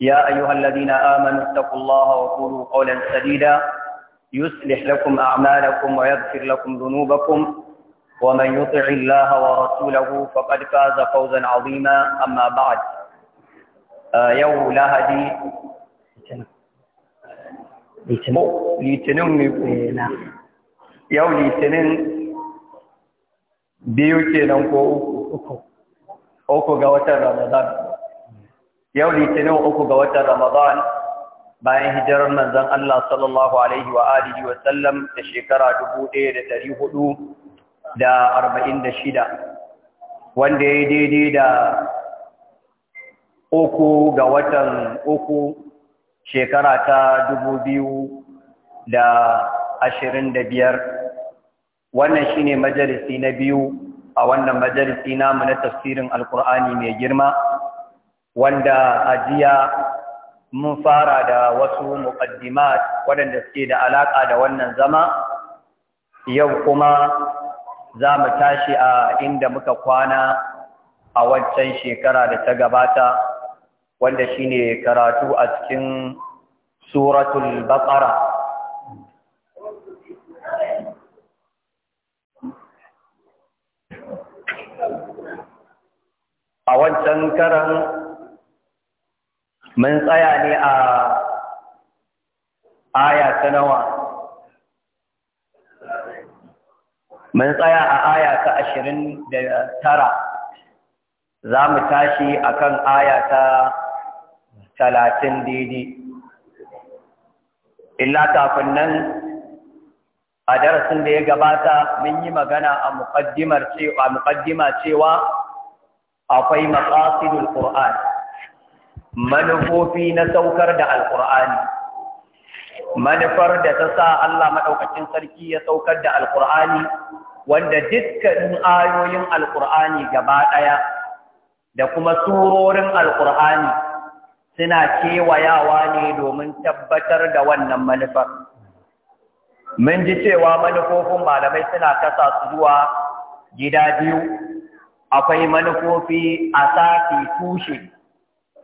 يا أيها الذين آمنوا اتقوا الله وقولوا قولا سديدا يصلح لكم أعمالكم ويغفر لكم ذنوبكم ومن يطع الله ورسوله فقد فاز فوزا عظيما أما بعد آه، يوم لا هدي yau litinin biyu kenan أوكو أوكو uku ga yau litinin uku ga watan Ramadan bayan hijirar manzon Allah sallallahu alaihi wa alihi wa sallam da shekara 1446 wanda ya daidai da uku ga watan uku shekara ta 2025 wannan shine majalisi na biyu a wannan majalisi namu na tafsirin alkur'ani mai girma wanda ajiya mun fara da wasu muqaddimat waɗanda suke da alaƙa da wannan zama yau kuma za mu tashi a inda muka kwana a wancan shekara da ta gabata wanda shine karatu a cikin suratul baqara a wancan karan mun tsaya ne a aya ta nawa mun tsaya a aya ta ashirin da tara za mu tashi a kan aya ta talatin daidai illa kafin nan a darasin da ya gabata mun yi magana a muƙaddima cewa akwai maƙasidul ƙur'ani manufofi na saukar da Alƙur'ani, manufar da ta sa Allah maɗaukacin sarki ya saukar da alkur'ani wanda dukkanin ayoyin alkur'ani gaba ɗaya da kuma surorin alkur'ani suna kewayawa ne domin tabbatar da wannan manufar mun ji cewa manufofin malamai suna kasa su zuwa gida biyu akwai manufofi a safi tushe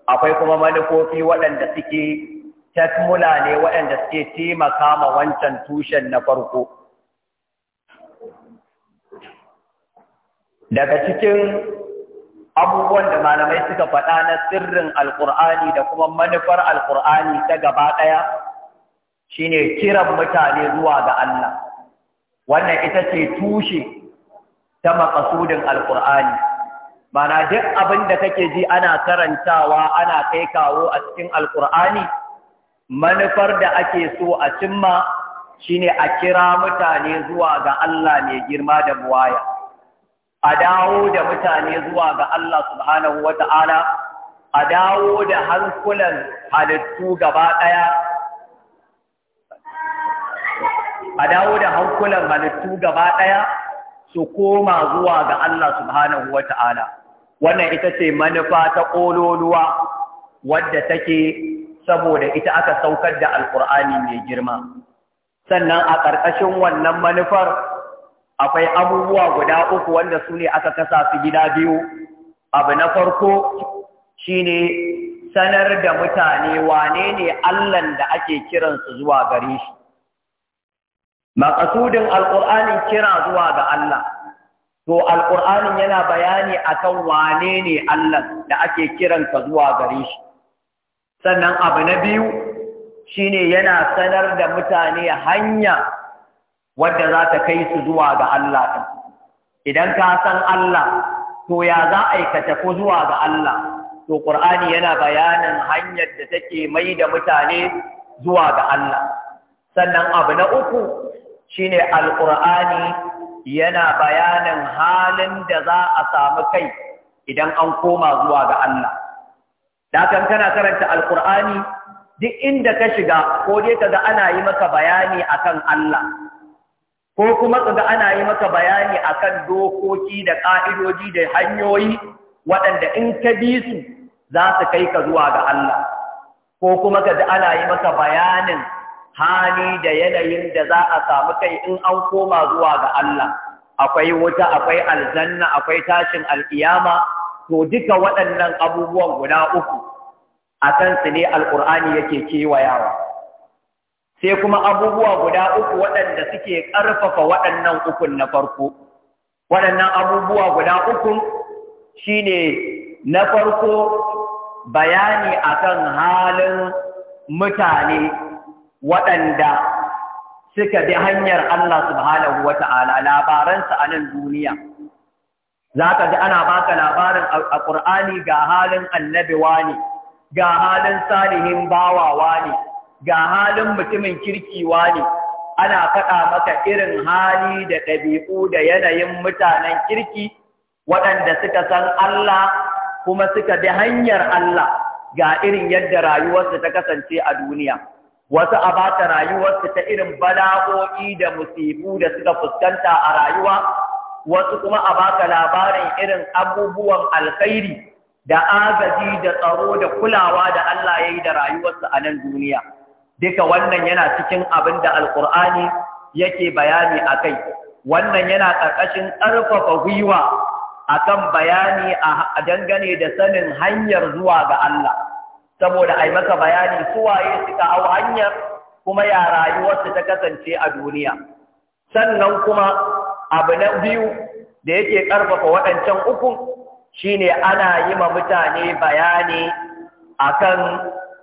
akwai kuma manufofi waɗanda suke tasmula ne waɗanda suke taimaka ma wancan tushen na farko daga cikin abubuwan da malamai suka faɗa na sirrin Alƙur'ani da kuma manufar Alƙur'ani ta gaba ɗaya shine kiran mutane zuwa ga Allah wannan ita ce tushe ta makasudin Alƙur'ani. mana duk abin da kake ji ana karantawa ana kai kawo a cikin alkur'ani manufar da ake so a cimma shine a kira mutane zuwa ga Allah mai girma da buwaya a dawo da mutane zuwa ga Allah subhanahu wata'ala a dawo da hankulan halittu gaba ɗaya a dawo da hankulan halittu gaba ɗaya su koma zuwa ga Allah subhanahu wa ta'ala. Wannan ita ce manufa ta ƙololuwa wadda take saboda ita aka saukar da Alƙur'ani mai girma. Sannan a ƙarƙashin wannan manufar akwai abubuwa guda uku wanda su ne aka kasa su gida biyu. Abu na farko shi ne sanar da mutane wane ne Allahn da ake kiransu zuwa gare shi. Maƙasudin Alƙur'ani kira zuwa ga Allah, to Alƙur'ani yana bayani akan wane ne Allah da ake kiran ka zuwa gare shi. Sannan abu na biyu shine yana sanar da mutane hanya wadda za ta kai su zuwa ga Allah Idan ka san Allah, to ya za a aikata ko zuwa ga Allah, to Ƙur'ani yana bayanin hanyar da take mai da mutane zuwa ga Allah. Sannan abu na uku shine alqur'ani yana bayanin halin da za a samu kai idan an koma zuwa ga Allah dakan kana karanta alqur'ani duk inda ka shiga ko dai kaga ana yi maka bayani akan Allah ko kuma kaga ana yi maka bayani akan dokoki da ka'idoji da hanyoyi waɗanda in ka bi su za su kai ka zuwa ga Allah ko kuma kaga ana yi maka bayanin hali da yanayin da za a samu kai in an koma zuwa ga Allah akwai wuta akwai aljanna akwai tashin alkiyama to duka waɗannan abubuwan guda uku a kan su ne alƙur'ani yake kewayawa sai kuma abubuwa guda uku waɗanda suke ƙarfafa waɗannan ukun na farko waɗannan abubuwa guda uku shine na farko bayani akan halin mutane waɗanda suka bi hanyar Allah subhanahu wa ta'ala labaransa a nan duniya. Za ka ji ana baka labarin a ƙur'ani ga halin Annabi wani, ga halin salihin Bawa wani, ga halin mutumin kirki wani, ana faɗa maka irin hali da ɗabi'u da yanayin mutanen kirki waɗanda suka san Allah kuma suka bi hanyar Allah ga irin yadda rayuwarsu ta kasance a duniya. wasu a ta rayuwarsu ta irin bala'o'i da musibu da suka fuskanta a rayuwa wasu kuma a baka labarin irin abubuwan alkhairi da agaji da tsaro da kulawa da Allah ya yi da rayuwarsu a nan duniya duka wannan yana cikin abin da alkur'ani yake bayani a kai wannan yana ƙarƙashin ƙarfafa gwiwa akan bayani a dangane da sanin hanyar zuwa ga Allah saboda ai maka bayani su suwaye suka hau hanyar kuma ya rayuwarsu ta kasance a duniya sannan kuma abu na biyu da yake ƙarfafa waɗancan uku shine ana yi ma mutane bayani a kan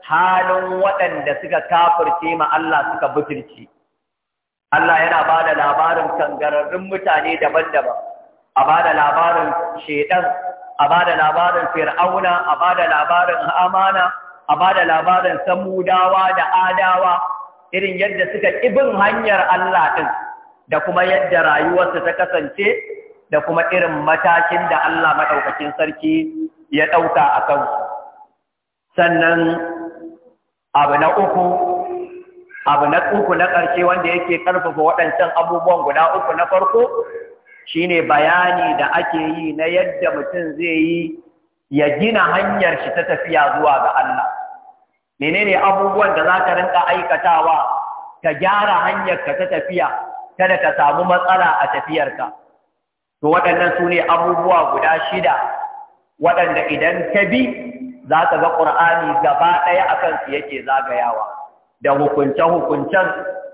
halin waɗanda suka kafirce ma Allah suka butulci Allah yana ba da labarin kangararrun mutane daban-daban a ba da labarin shaidan, a ba da labarin fir'auna a ba da labarin amana a ba da labarin samudawa da adawa irin yadda suka ƙibin hanyar Allah ɗin da kuma yadda rayuwarsu ta kasance da kuma irin matakin da Allah maɗaukakin sarki ya ɗauka a kansu. Sannan abu na uku, abu na uku na ƙarshe wanda yake ƙarfafa waɗancan abubuwan guda uku na farko shine bayani da ake yi na yadda mutum zai yi ya gina hanyar shi ta tafiya zuwa ga Allah menene abubuwan da zaka rinka aikatawa ka gyara hanyar ka ta tafiya kada ka samu matsala a tafiyarka to waɗannan su ne abubuwa guda shida waɗanda idan ka bi za ka ga ƙur'ani gaba ɗaya a kansu yake zagayawa da hukunce-hukuncen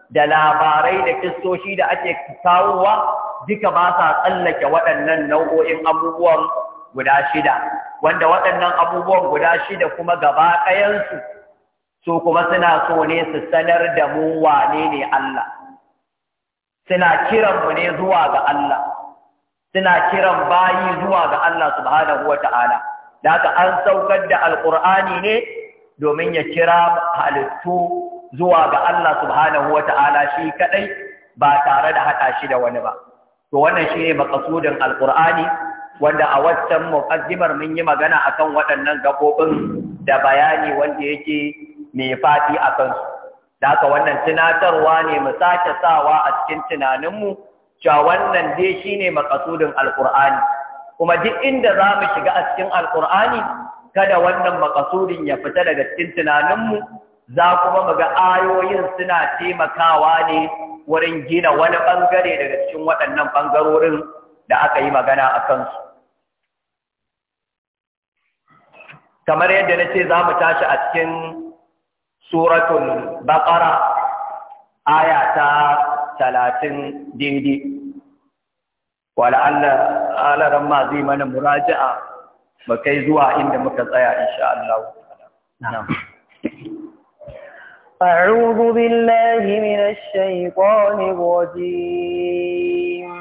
da labarai da kistoshi da ake kawowa duka ba sa tsallake waɗannan nau'o'in abubuwan guda shida wanda waɗannan abubuwan guda shida kuma gaba ɗayansu su kuma suna so ne su sanar da mu wane ne Allah suna kiran mu ne zuwa ga Allah suna kiran bayi zuwa ga Allah subhanahu wata'ala da haka an saukar da alƙur'ani ne domin ya kira halittu zuwa ga Allah subhanahu wata'ala shi kaɗai ba tare da haɗa shi da wani ba to wannan shine makasudin alqur'ani wanda a waccan muqaddimar mun yi magana akan waɗannan gabobin da bayani wanda yake mai fati a su, da haka wannan tunatarwa ne mu sake sawa a cikin tunaninmu cewa wannan dai shine makasudin alkur'ani kuma duk inda za mu shiga a cikin alkur'ani kada wannan makasudin ya fita daga cikin tunaninmu za kuma mu ga ayoyin suna taimakawa ne wurin gina wani ɓangare daga cikin waɗannan bangarorin da aka yi magana a kansu kamar yadda na ce za mu tashi a cikin suratun baƙara aya ta talatin daidai wala'alla alaran ma zai mana muraja'a ba kai zuwa inda muka tsaya insha Allah أعوذ بالله من الشيطان الرجيم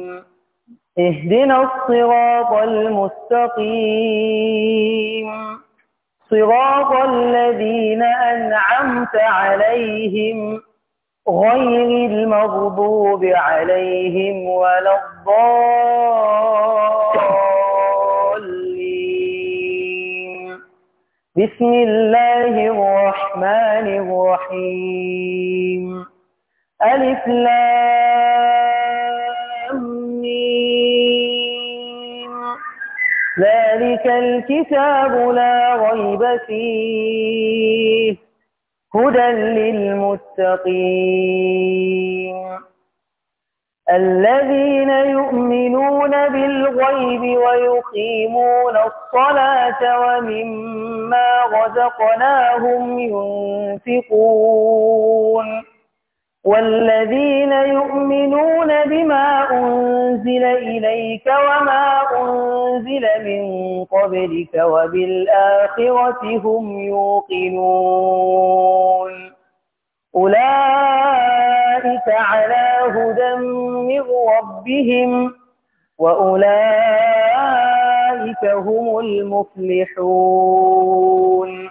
اهدنا الصراط المستقيم صراط الذين أنعمت عليهم غير المغضوب عليهم ولا الضالين بسم الله الرحمن الرحيم ألف لام حميم ذلك الكتاب لا ريب فيه هدى للمتقين الذين يؤمنون بالغيب ويقيمون الصلاة ومما رزقناهم ينفقون والذين يؤمنون بما أنزل إليك وما أنزل من قبلك وبالآخرة هم يوقنون أولئك على هدى من ربهم وأولئك هم المفلحون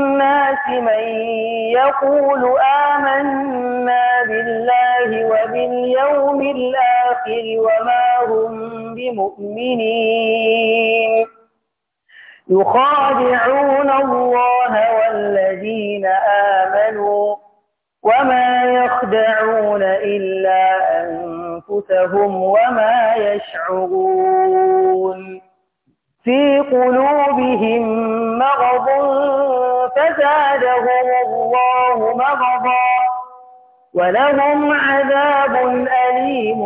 الناس من يقول آمنا بالله وباليوم الآخر وما هم بمؤمنين يخادعون الله والذين آمنوا وما يخدعون إلا أنفسهم وما يشعرون في قلوبهم مرض فزادهم الله مغضا ولهم عذاب أليم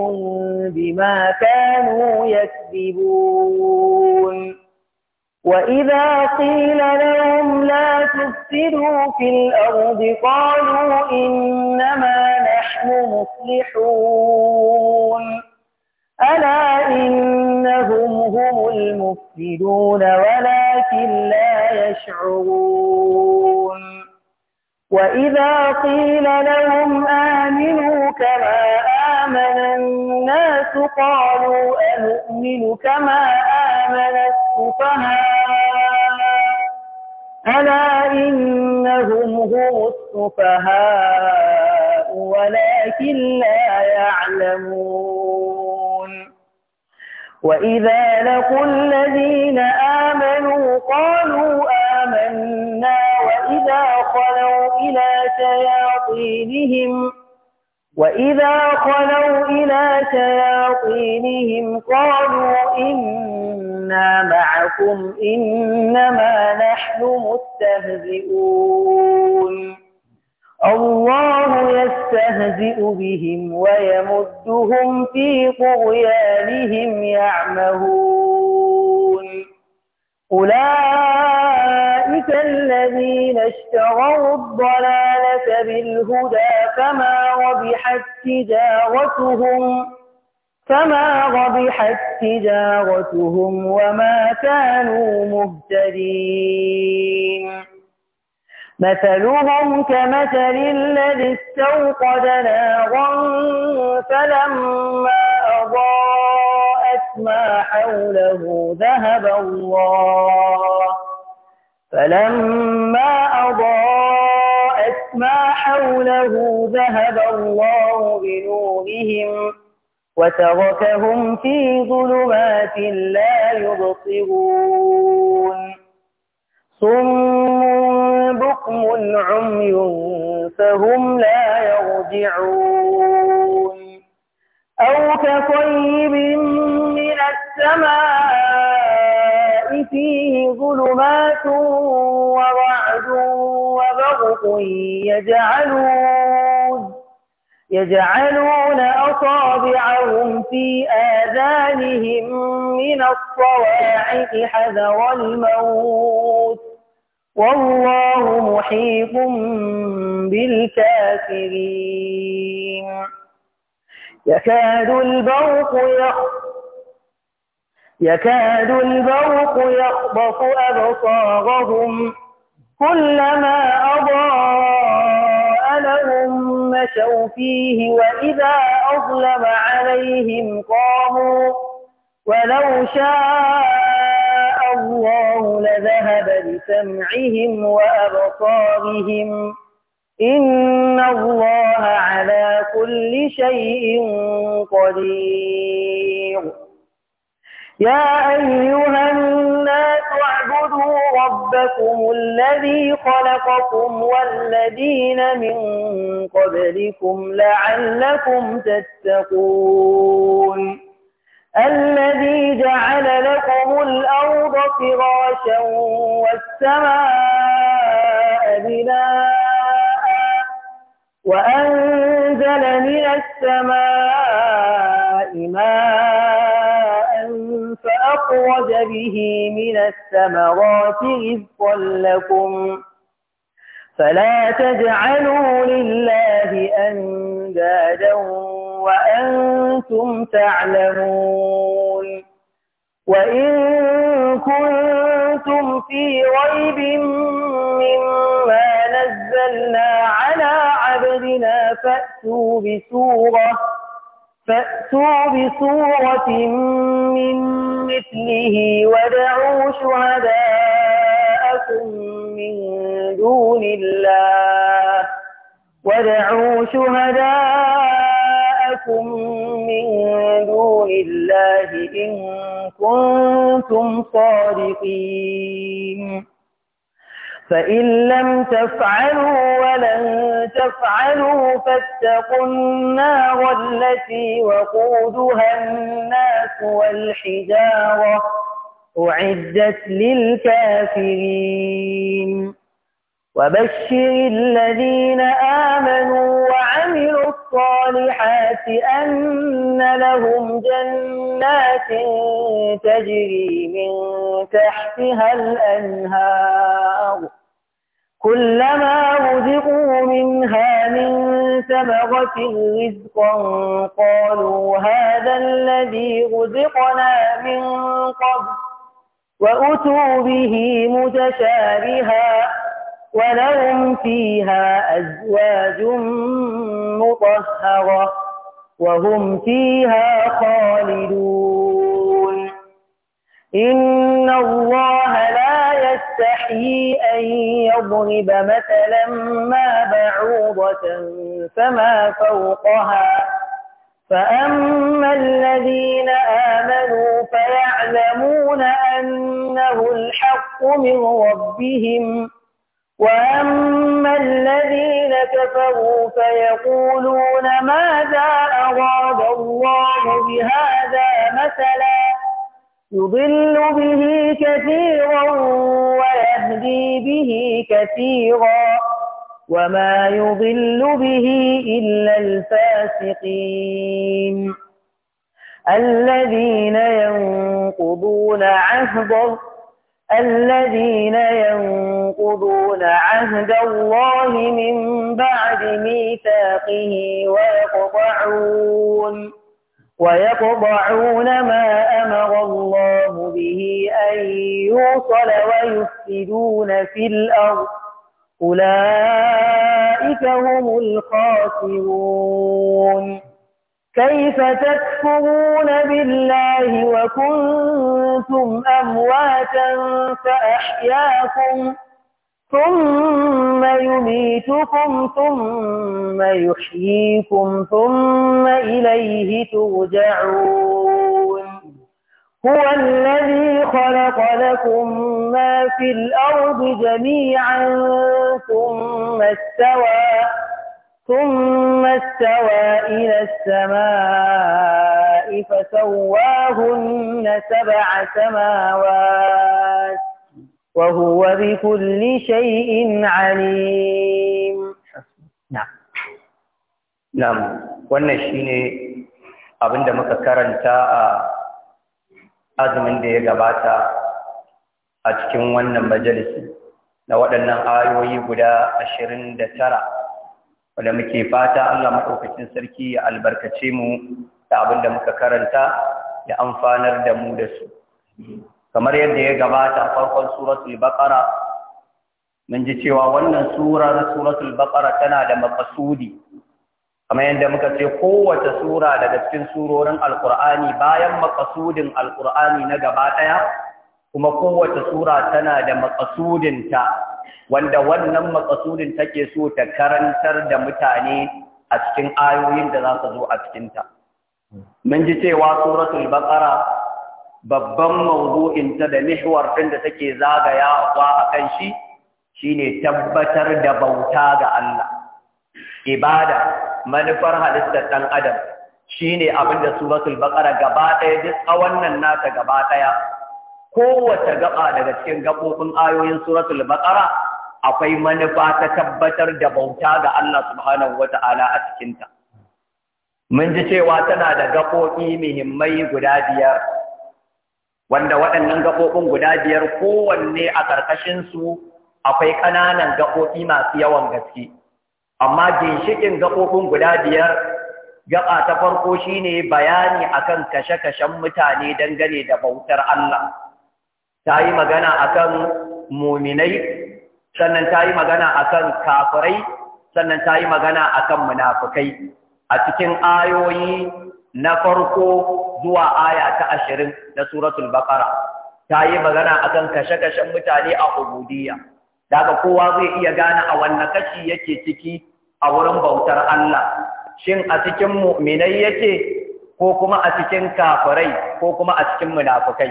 بما كانوا يكذبون وإذا قيل لهم لا تفسدوا في الأرض قالوا إنما نحن مصلحون ألا إنهم هم المفسدون ولكن لا يشعرون وإذا قيل لهم آمنوا كما آمن الناس قالوا أنؤمن كما آمن السفهاء ألا إنهم هم السفهاء ولكن لا يعلمون وإذا لقوا الذين آمنوا قالوا آمنا وإذا خلوا إلى شياطينهم وإذا خلوا إلى شياطينهم قالوا إنا معكم إنما نحن مستهزئون الله يستهزئ بهم ويمدهم في طغيانهم يعمهون أولئك الذين اشتروا الضلالة بالهدى فما ربحت تجارتهم فما ربحت تجارتهم وما كانوا مهتدين مثلهم كمثل الذي استوقد نارا فلما أضاءت ما حوله ذهب الله فلما أضاءت ما حوله ذهب الله بنورهم وتركهم في ظلمات لا يبصرون صم بكم عمي فهم لا يرجعون أو كطيب من السماء فيه ظلمات ورعد وبرق يجعلون يجعلون أصابعهم في آذانهم من الصواعق حذر الموت والله محيط بالكافرين يكاد البرق يكاد البرق يخبط أبصارهم كلما أضاء لهم مشوا فيه وإذا أظلم عليهم قاموا ولو شاء الله لذهب بسمعهم وأبصارهم إن الله على كل شيء قدير يا أيها الناس واعبدوا ربكم الذي خلقكم والذين من قبلكم لعلكم تتقون الذي جعل لكم الأرض فراشا والسماء بناء وأنزل من السماء ماء أخرج به من الثمرات رزقا لكم فلا تجعلوا لله أندادا وأنتم تعلمون وإن كنتم في ريب مما نزلنا على عبدنا فأتوا بسورة فأتوا بسورة من مثله ودعوا شهداءكم من دون الله ودعوا شهداءكم من دون الله إن كنتم صادقين فإن لم تفعلوا ولن تفعلوا فاتقوا النار التي وقودها الناس والحجارة أعدت للكافرين وبشر الذين آمنوا وعملوا الصالحات أن لهم جنات تجري من تحتها الأنهار كلما رزقوا منها من ثمرة رزقا قالوا هذا الذي رزقنا من قبل وأتوا به متشابها ولهم فيها أزواج مطهرة وهم فيها خالدون إن الله يستحيي أن يضرب مثلا ما بعوضة فما فوقها فأما الذين آمنوا فيعلمون أنه الحق من ربهم وأما الذين كفروا فيقولون ماذا أراد الله بهذا مثلاً يضل به كثيرا ويهدي به كثيرا وما يضل به إلا الفاسقين الذين ينقضون عهد الذين ينقضون عهد الله من بعد ميثاقه ويقطعون ويقضعون ما أمر الله به أن يوصل ويفسدون في الأرض أولئك هم الخاسرون كيف تكفرون بالله وكنتم أمواتا فأحياكم ثم يميتكم ثم ثم يحييكم ثم إليه ترجعون هو الذي خلق لكم ما في الأرض جميعا ثم استوى ثم استوى إلى السماء فسواهن سبع سماوات وهو بكل شيء عليم Nam, wannan shine abin da muka karanta a azumin da ya gabata a cikin wannan majalisi na waɗannan ayoyi guda ashirin da tara wanda muke fata Allah maɗaukacin sarki ya albarkace mu da abin da muka karanta ya amfanar da mu da su. Kamar yadda ya gabata a farkon suratul baƙara mun ji cewa wannan surar suratul baƙara tana da makasudi kamar yadda muka ce kowace sura daga cikin surorin alkur'ani bayan makasudin alkur'ani na gaba ɗaya kuma kowace sura tana da makasudinta wanda wannan makasudin take so ta karantar da mutane a cikin ayoyin da za su zo a cikinta mun ji cewa suratul baqara babban mawdu'in da mihwar ɗin da take zagayawa akan shi shine tabbatar da bauta ga Allah ibada manufar halittar ɗan adam shine abin da suratul bakara gaba ɗaya duk a wannan nata gaba ɗaya kowace gaba daga cikin gabobin ayoyin suratul baqara akwai manufa ta tabbatar da bauta ga Allah subhanahu wata'ala a cikinta mun ji cewa tana da gabobi muhimmai guda biyar wanda waɗannan gabobin guda biyar kowanne a ƙarƙashin su akwai ƙananan gabobi masu yawan gaske amma ginshikin gaɓoɓin guda biyar gaɓa ta farko shi ne bayani akan kashe-kashen mutane dangane da bautar Allah ta yi magana a kan muminai sannan ta yi magana a kan kafirai sannan ta yi magana a kan munafukai a cikin ayoyi na farko zuwa aya ta ashirin na suratul baqara ta yi magana akan kashe-kashen mutane a ubudiyya daga kowa zai iya gane a wanne kashi yake ciki a wurin bautar Allah shin a cikin mu'minai yake ko kuma a cikin kafirai ko kuma a cikin munafukai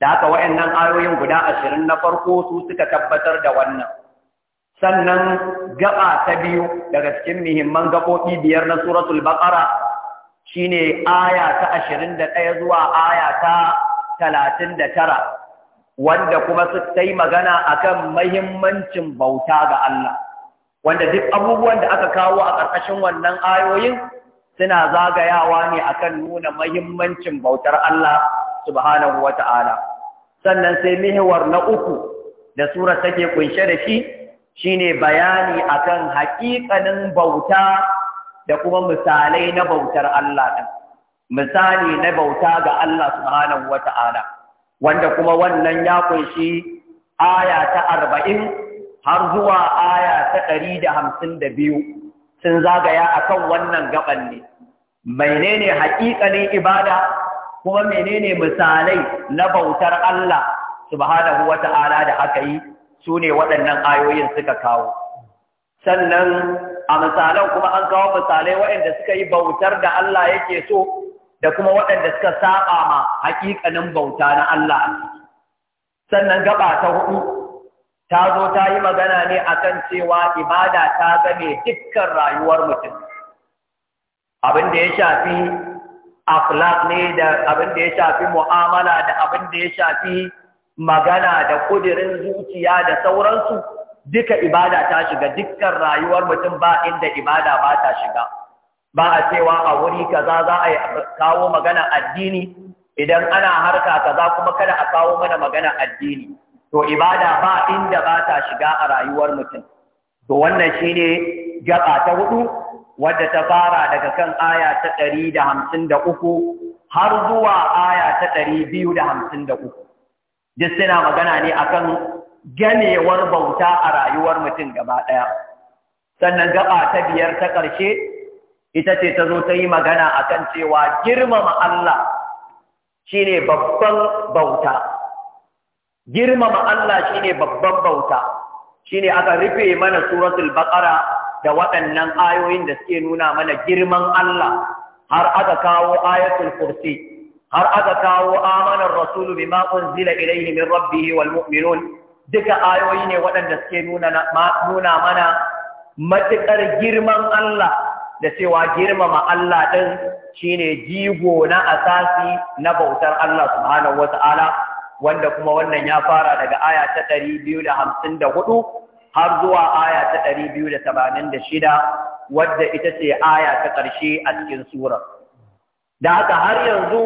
da haka wayannan ayoyin guda ashirin na farko su suka tabbatar da wannan sannan gaba ta biyu daga cikin muhimman gaɓoɓi biyar na suratul baqara shine aya ta ashirin da ɗaya zuwa aya ta talatin da tara wanda kuma su ta yi magana akan mahimmancin bauta ga Allah wanda duk abubuwan da aka kawo a ƙarƙashin wannan ayoyin suna zagayawa ne akan nuna mahimmancin bautar Allah subhanahu ta’ala. sannan sai mihiwar na uku da sura take kunshe da shi shine bayani akan haƙiƙanin bauta da kuma misalai na bautar Allah ɗin, misali na bauta ga Allah subhanahu ta’ala. wanda kuma wannan ya kunshi aya ta arba'in har zuwa aya ta ɗari da hamsin da biyu sun zagaya a kan wannan gaban ne. Menene haƙiƙanin ibada kuma menene misalai na bautar Allah subhanahu wa ta'ala da aka yi su ne waɗannan ayoyin suka kawo. Sannan a misalan kuma an kawo misalai waɗanda suka yi bautar da Allah yake so da kuma waɗanda suka saba ma haƙiƙanin bauta na Allah sannan gaba ta huɗu, ta zo ta yi magana ne akan cewa ibada ta game dukkan rayuwar mutum abin da ya shafi akhlaq ne da abin da ya shafi mu'amala da abin da ya shafi magana da kudirin zuciya da sauransu duka ibada ta shiga dukkan rayuwar mutum ba inda ibada ba ta shiga ba a cewa a wuri kaza za a kawo magana addini idan ana harka kaza kuma kada a kawo mana magana addini to ibada ba inda ba ta shiga a rayuwar mutum to wannan shine gaba ta hudu wadda ta fara daga kan aya ta 153 har zuwa aya ta 253 duk suna magana ne akan ganewar bauta a rayuwar mutum gaba daya sannan gaba ta biyar ta ƙarshe ita ce ta zo ta yi magana a kan cewa girmama Allah shine babban bauta girmama Allah shine babban bauta shine aka rufe mana suratul baƙara da waɗannan ayoyin da suke nuna mana girman Allah har aka kawo ayatul kursi har aka kawo amanar rasulu bima zila ilayhi min rabbihi wal mu'minun duka ayoyi ne waɗanda suke nuna mana matuƙar girman Allah da cewa girmama Allah ɗin shine jigo na asasi na bautar Allah subhanahu wata'ala wanda kuma wannan ya fara daga aya ta ɗari biyu da hamsin da hudu har zuwa aya ta ɗari biyu da tamanin da shida wadda ita ce aya ta ƙarshe a cikin surar. Da haka har yanzu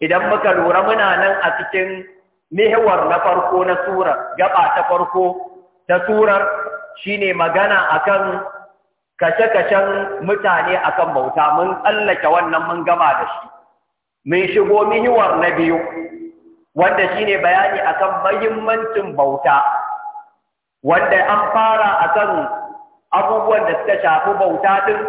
idan muka lura muna nan a cikin mihawar na farko na surar, gaba ta farko ta surar shine magana akan kace-kacen mutane akan bauta mun tsallake wannan mun gama da shi mun shigo mihiwar na biyu wanda shine bayani akan mahimmancin bauta wanda an fara akan abubuwan da suka shafi bauta din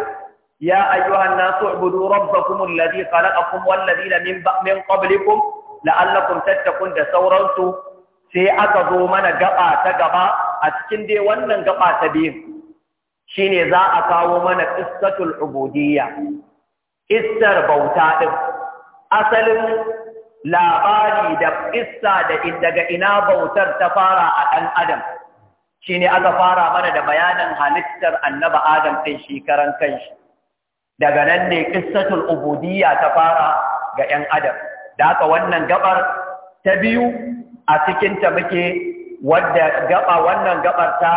ya ayyuhan nasu ibudu rabbakum alladhi khalaqakum wal ladina min min qablikum la'allakum tattaqun da sauransu sai aka zo mana gaba ta gaba a cikin dai wannan gaba ta biyu shine za a kawo mana qissatul ubudiyya istar bauta din asalin labari da qissa da daga ina bautar ta fara a ɗan adam shine aka fara mana da bayanin halittar annaba adam ɗin shi karan kanshi daga nan ne qissatul ubudiyya ta fara ga 'yan adam da aka wannan gabar ta biyu a cikin ta muke wadda gaba wannan gabar ta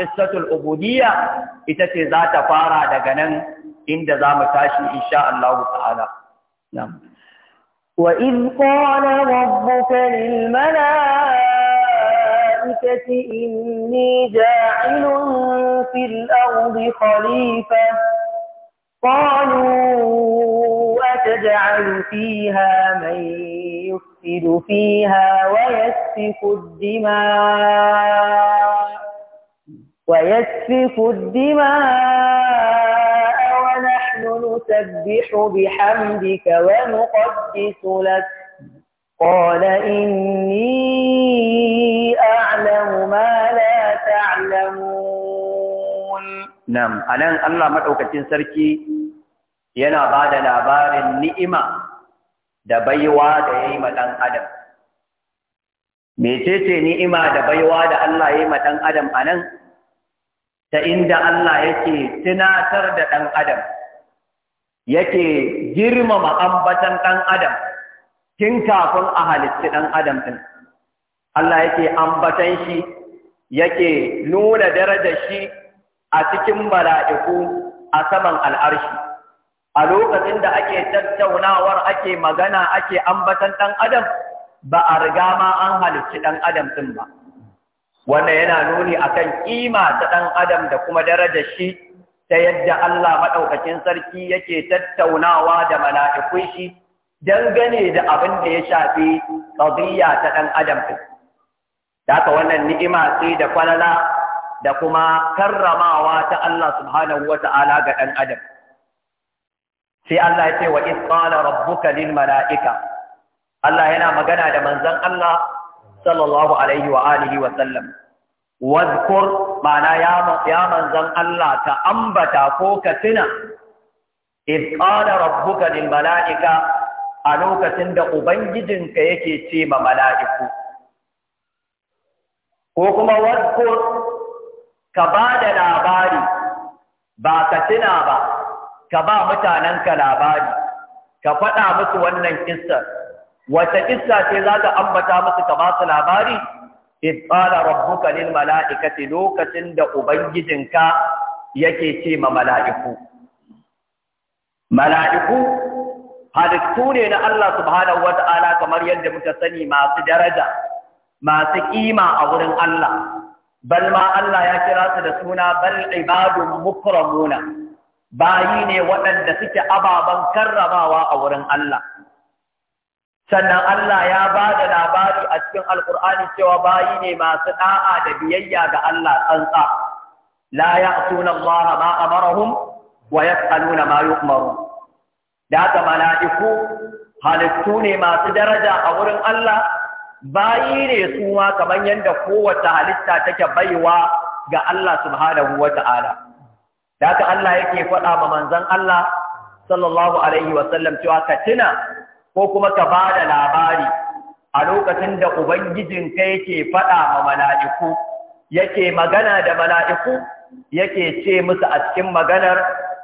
qissatul ubudiyya ita ce za ta fara daga nan inda za mu tashi insha Allah ta'ala na'am wa in qala rabbuka lil malaikati inni ja'ilun fil ardi khalifa قالوا أتجعل فيها من يفسد فيها ويسفك الدماء ويسفك الدماء ونحن نسبح بحمدك ونقدس لك قال إني أعلم ما لا تعلمون نعم أنا الله مدعوك سركي ينا بعد لابار النئمة da baiwa da ya yi ma ɗan adam mecece ni'ima da baiwa da Allah ta inda Allah yake tunatar da ɗan adam yake girmama ambatan ɗan adam tun kafin a halitti ɗan adam ɗin Allah yake ambatan shi yake nuna darajar shi a cikin mala'iku a saman al'arshi a lokacin da ake tattaunawar ake magana ake ambatan ɗan adam ba a riga ma an halitti ɗan adam ɗin ba wannan yana nuni a kan kima ta ɗan adam da kuma darajar shi ta yadda Allah maɗaukacin sarki yake tattaunawa da mala'ikun shi dangane da abin da ya shafi qadiyya ta ɗan adam haka wannan ni'ima ce da falala da kuma karramawa ta Allah subhanahu wa ta'ala ga ɗan adam. Sai Allah ya ce wa isqala rabbuka lil mala'ika. Allah yana magana da manzon Allah sallallahu alaihi wa alihi wa sallam wadhkur ma'ana ya manzan Allah ta ambata ko ka tuna idh qala rabbuka lil mala'ika a lokacin da ubangijinka yake ce ma mala'iku ko kuma wadkur ka ba da labari ba ka tuna ba ka ba mutanenka labari ka faɗa musu wannan kissar wata kissa ce za ta ambata musu ka ba su labari إذ قال ربك للملائكة لوكة yake ce ma mala'iku. Mala'iku halittu ne na Allah subhanahu wata'ala kamar yadda muka sani masu daraja masu kima a wurin Allah bal ma Allah ya kira su da suna bal ibadun mukramuna bayi ne waɗanda suke ababan karramawa a wurin Allah sannan Allah ya ba da labari a cikin alkur'ani cewa bayi ne masu da'a da biyayya ga Allah tsantsa la ya'tuna Allah ma amarahum wa yaf'aluna ma yu'marun da haka mala'iku halittu ne masu daraja a wurin Allah bayi ne su ma kamar yadda kowace halitta take baiwa ga Allah subhanahu wa ta'ala da haka Allah yake faɗa ma manzon Allah sallallahu alaihi wa sallam cewa ka tuna ko kuma ka ba da labari a lokacin da ubangijin ka yake faɗa ma mala'iku, yake magana da mala'iku, yake ce musu a cikin maganar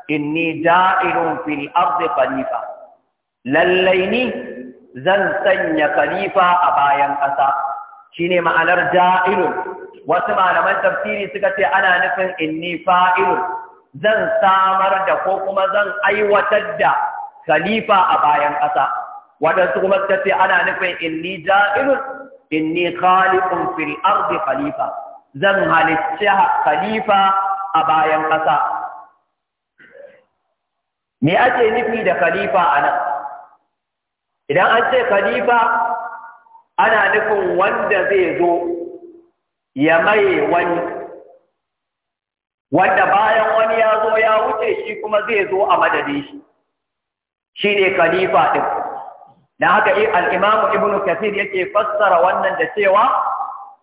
inni da'irun fil ardi khalifa lallai ni zan sanya khalifa a bayan ƙasa shine ma'anar da'irun wasu malaman tafsiri suka ce ana nufin inni fa'ilun zan samar da ko kuma zan aiwatar da khalifa a bayan ƙasa waɗansu kuma suka ce ana nufin inni ja'ilun inni khaliqun fil ardi khalifa zan halicci khalifa a bayan ƙasa me ake nufi da khalifa a nan idan an ce khalifa ana nufin wanda zai zo ya maye wani wanda bayan wani ya zo ya wuce shi kuma zai zo a madadin shi shi ne khalifa ɗin Na haka al Ibn Kathir yake fassara wannan da cewa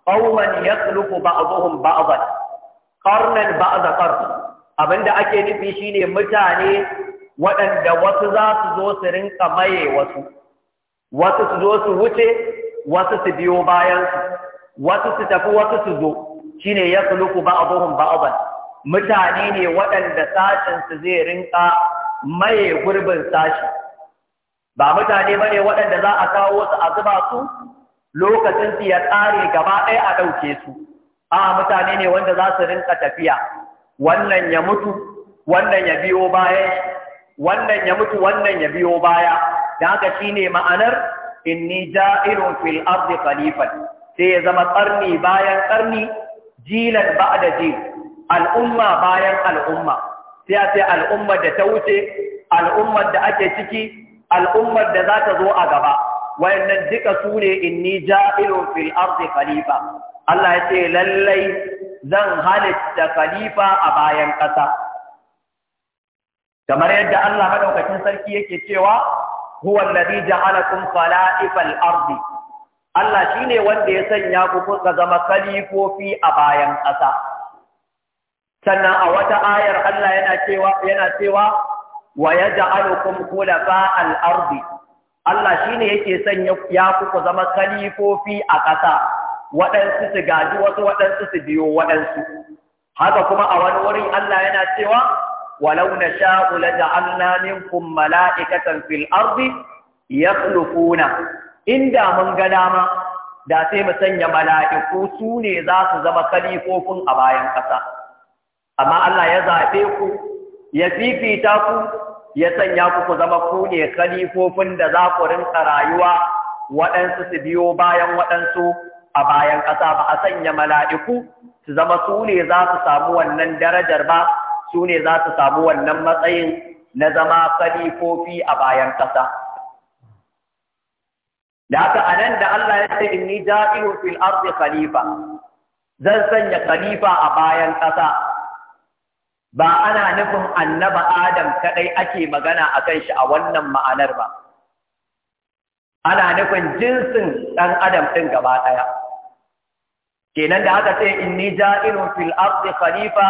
qauman yaqlufu ba'dhum ba'dhan qarnan ba'da qarn abinda ake nufi shine mutane waɗanda wasu za su zo su rinka maye wasu wasu su zo su wuce wasu su biyo bayansu, wasu su tafi wasu su zo shine yaqlufu ba'dhum ba'azan, mutane ne waɗanda sashen su zai rinka maye gurbin sashi ba mutane bane waɗanda za a kawo su a zuba su lokacin su ya tsare gaba ɗaya a ɗauke su a mutane ne wanda za su rinka tafiya wannan ya mutu wannan ya biyo baya wannan ya mutu wannan ya biyo baya da haka shine ma'anar inni ja'ilun fil ardi khalifan sai ya zama karni bayan karni jilan ba'da jil al'umma bayan al'umma sai a ce al'ummar da ta wuce al'ummar da ake ciki al'ummar da za ta zo a gaba wayannan duka su ne inni ja'ilun fil ardi khalifa Allah ya ce lallai zan halitta khalifa a bayan ƙasa kamar yadda Allah madaukakin sarki yake cewa huwa alladhi ja'alakum khala'ifal ardi Allah shine wanda ya sanya ku kuka zama khalifofi a bayan ƙasa sannan a wata ayar Allah yana cewa yana cewa wa ya yaj'alukum kula al-ardi Allah shi ne yake son ya ku zama kalifofi a ƙasa waɗansu su gaji wasu waɗansu su biyo waɗansu haka kuma a wani wurin Allah yana cewa walau nasha'u laj'alna minkum mala'ikatan fil ardi yakhlufuna inda mun ga dama da sai mu sanya mala'iku su ne za su zama kalifofin a bayan ƙasa amma Allah ya zaɓe ku ya fifita ku ya sanya ku ku zama ku ne kalifofin da za ku rinka rayuwa waɗansu su biyo bayan waɗansu a bayan ƙasa ba a sanya mala'iku su zama su ne za su samu wannan darajar ba su ne za su samu wannan matsayin na zama kalifofi a bayan ƙasa. Da haka a da Allah ya ce inni ja'ilu fil ardi khalifa zan sanya khalifa a bayan ƙasa ba ana nufin annaba adam kadai ake magana akan shi a wannan ma'anar ba ana nufin jinsin ɗan adam ɗin gaba ɗaya kenan da aka ce inni ja'ilun fil ardi khalifa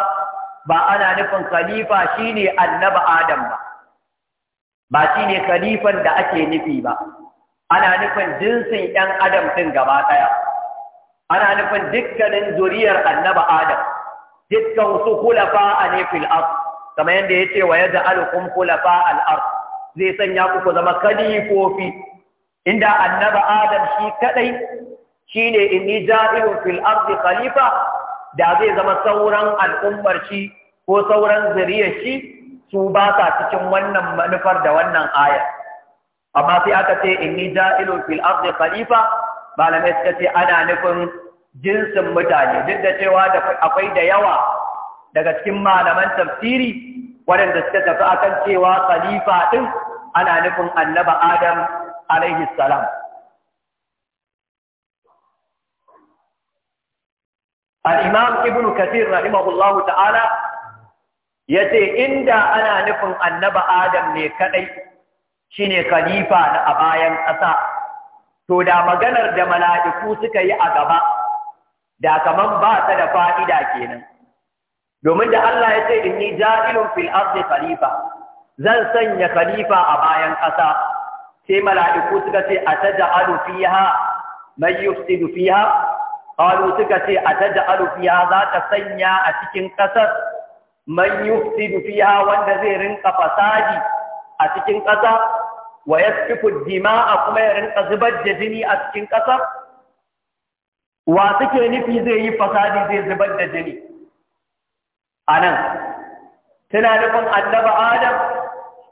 ba ana nufin khalifa shine annaba adam ba ba shine khalifan da ake nufi ba ana nufin jinsin ɗan adam ɗin gaba ɗaya ana nufin dukkanin zuriyar annaba adam dukkan su a ne fil ard kamar yadda yace wa yaj'alukum khulafa al ard zai sanya ku ku zama kalifofi inda annaba adam shi kadai shine inni ja'ilun fil ard khalifa da zai zama sauran al'ummar shi ko sauran zuriyar shi su ba sa cikin wannan manufar da wannan aya amma sai aka ce inni ja'ilun fil ard khalifa malamai suka ce ana nufin jinsin mutane duk da cewa akwai da yawa daga cikin malaman tafsiri waɗanda suka tafi a kan cewa khalifa ɗin ana nufin annaba adam alaihi salam al'imam ibn kathir rahimahullahu ta'ala ya ce inda ana nufin annaba adam ne kaɗai shi ne khalifa na a bayan ƙasa to da maganar da mala'iku suka yi a gaba da kaman ba ta da fa'ida kenan domin da Allah ya ce inni ja'ilun fil ardi khalifa zan sanya khalifa a bayan ƙasa sai mala'iku suka ce ataj'alu fiha man yufsidu fiha qalu suka ce ataj'alu fiha za ta sanya a cikin ƙasar man yufsidu fiha wanda zai rinka fasadi a cikin ƙasa wa yasfiku dima'a kuma ya rinka zubar da jini a cikin ƙasar wa suke nufi zai yi fasadi zai zubar da jini a nan suna nufin annaba adam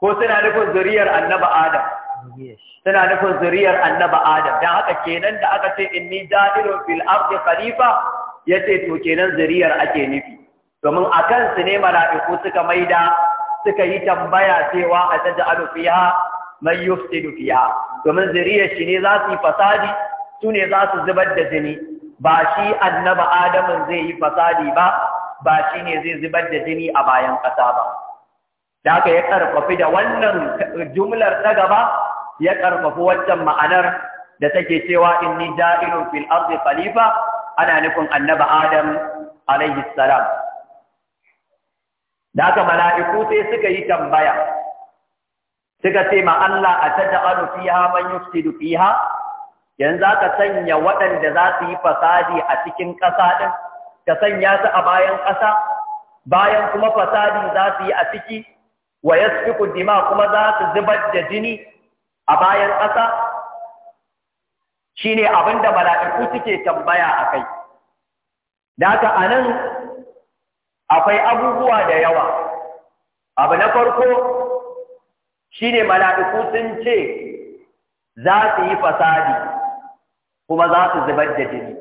ko suna nufin zuriyar annaba adam suna nufin zuriyar annaba adam don haka kenan da aka ce inni jadilun fil ardi khalifa yace to kenan zuriyar ake nufi domin a su ne mala'iku suka maida suka yi tambaya cewa a taj'alu fiha man nufi ya? domin zuriyar shi ne za su yi fasadi su ne za su zubar da jini ba shi annaba Adamu zai yi fasadi ba ba shi ne zai zubar da jini a bayan ƙasa ba da aka ya karfafi da wannan jumlar ta gaba ya karfafi waccan ma'anar da take cewa inni ja'ilun fil ardi khalifa ana nufin annaba adam alaihi salam da haka mala'iku sai suka yi tambaya suka ce ma Allah a ta ja'alu fiha man yufsidu fiha yanzu aka sanya waɗanda za su yi fasadi a cikin ƙasa ɗin ka sanya su a bayan ƙasa bayan kuma fasadi za su yi a ciki wa yasfiku kudima kuma za su zubar da jini a bayan ƙasa Shi ne abin da mala'iku suke tambaya a kai da a nan akwai abubuwa da yawa abu na farko shi shine mala'iku sun ce za su yi fasadi kuma za su zubar da jini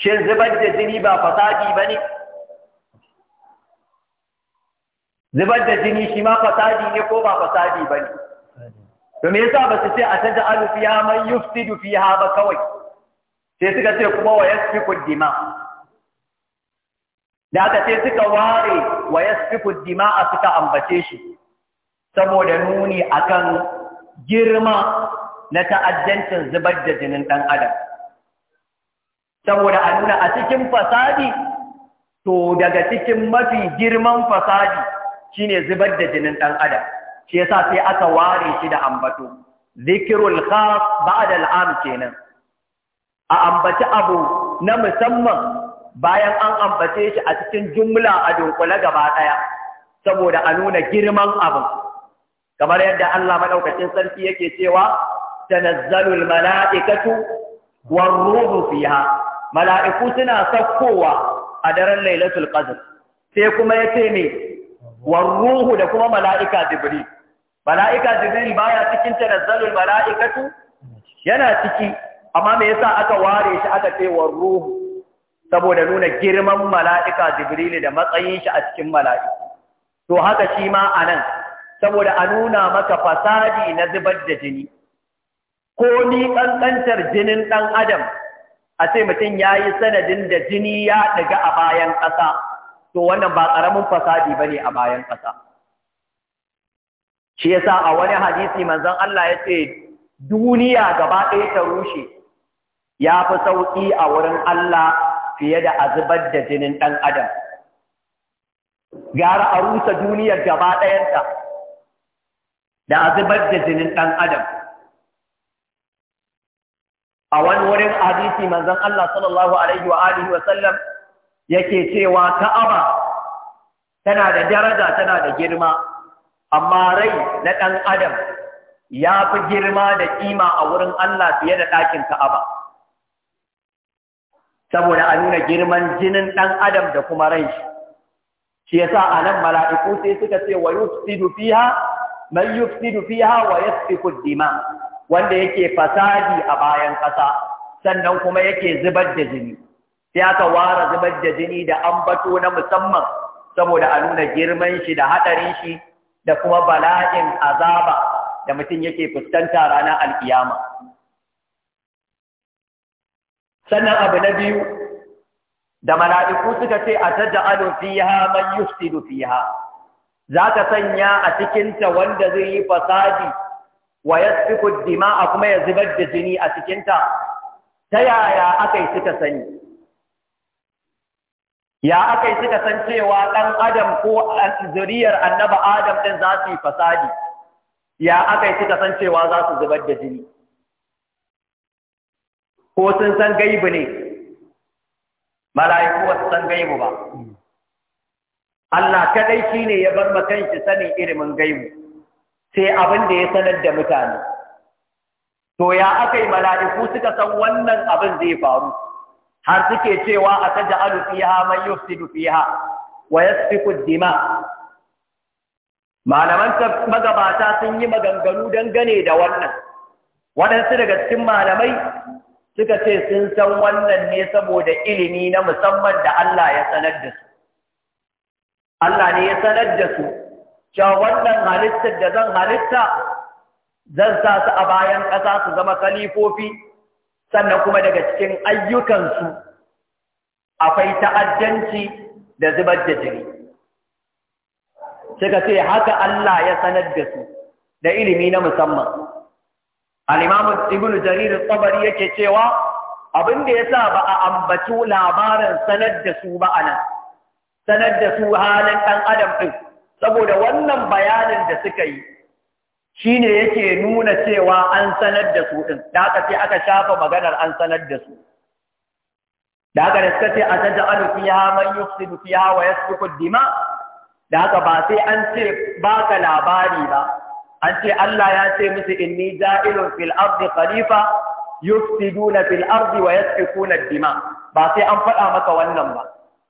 shin zubar da jini ba fasadi ba ne zubar da jini shi ma fasadi ne ko ba fasadi ba ne to me yasa ba su ce a taja alu fiha man yufsidu fiha ba kawai sai suka ce kuma wa yasfiku dima da aka ce suka ware wa yasfiku dima a suka ambace shi saboda nuni akan girma na ta'addancin zubar da jinin ɗan adam saboda a nuna a cikin fasadi to daga cikin mafi girman fasadi shine zubar da jinin ɗan adam shi yasa sai aka ware shi da ambato zikirul khas da al'am kenan a ambaci abu na musamman bayan an ambace shi a cikin jumla a dunkule gaba ɗaya saboda a nuna girman abin kamar yadda Allah madaukakin sarki yake cewa tanazzalul mala'ikatu war ruhu fiha mala'iku suna sakkowa a daren lailatul qadr sai kuma yace me war ruhu da kuma mala'ika jibril mala'ika jibril baya cikin tanazzalul mala'ikatu yana ciki amma me yasa aka ware shi aka ce war ruhu saboda nuna girman mala'ika jibril da matsayin shi a cikin mala'iku to haka shi ma anan saboda a nuna maka fasadi na zubar da jini ko ni ƙanƙantar jinin ɗan adam a ce mutum ya yi sanadin da jini ya daga a bayan ƙasa to wannan ba ƙaramin fasadi ba ne a bayan ƙasa shi yasa a wani hadisi manzon Allah ya ce duniya gaba ɗaya ta rushe ya fi sauƙi a wurin Allah fiye da a zubar da jinin ɗan adam gara a rusa duniyar gaba ɗayanta da a zubar da jinin ɗan adam a wani wurin hadisi manzon Allah sallallahu alaihi wa alihi wa sallam yake cewa Ka'aba tana da daraja tana da girma amma rai na ɗan adam ya fi girma da kima a wurin Allah fiye da ɗakin Ka'aba saboda a nuna girman jinin ɗan adam da kuma rai shi shi yasa anan mala'iku sai suka ce wa yufsidu fiha man yufsidu fiha wa yasfiku dima wanda yake fasadi a bayan ƙasa sannan kuma yake zubar da jini sai aka ware zubar da jini da ambato na musamman saboda a nuna girman shi da hadarin shi da kuma bala'in azaba da mutum yake fuskanta ranar alkiyama sannan abu na biyu da mala'iku suka ce a taj'alu fiha man yufsidu fiha zaka sanya a cikinta wanda zai yi fasadi wa yasfiku dima'a kuma ya zubar da jini a cikinta ta yaya yi suka sani ya yi suka san cewa ɗan adam ko zuriyar annaba adam ɗin za su yi fasadi ya yi suka san cewa za su zubar da jini ko sun san gaibu ne mala'iku wasu san gaibu ba hmm. Allah kadai shine ya bar makanshi sanin ilimin gaibu sai abin da ya sanar da mutane to ya aka yi mala'iku suka san wannan abin zai faru har suke cewa a ta ja'alu fiha man yufsidu fiha wa yasfiku dima malaman magabata sun yi maganganu dangane da wannan waɗansu daga cikin malamai suka ce sun san wannan ne saboda ilimi na musamman da Allah ya sanar da su Allah ne ya sanar da su cewa wannan halittar da zan halitta zan sa su a bayan ƙasa su zama kalifofi sannan kuma daga cikin ayyukansu akwai ta'addanci da zubar da jini suka ce haka Allah ya sanar da su da ilimi na musamman al'imamu Ibn jarir tabari yake cewa abin da sa ba a ambaci labarin sanar da su ba nan, sanar da su halin ɗan adam ɗin saboda wannan bayanin da suka yi shine yake nuna cewa an sanar da su ɗin, da aka ce aka shafa maganar an sanar da su da aka da suka ce a taja alu ya man yufsidu fiha wa yasfiku dima da aka ba sai an ce baka labari ba an ce Allah ya ce musu inni ja'ilun fil ardi khalifa yufsiduna fil ardi wa yasfikuna dima ba sai an faɗa maka wannan ba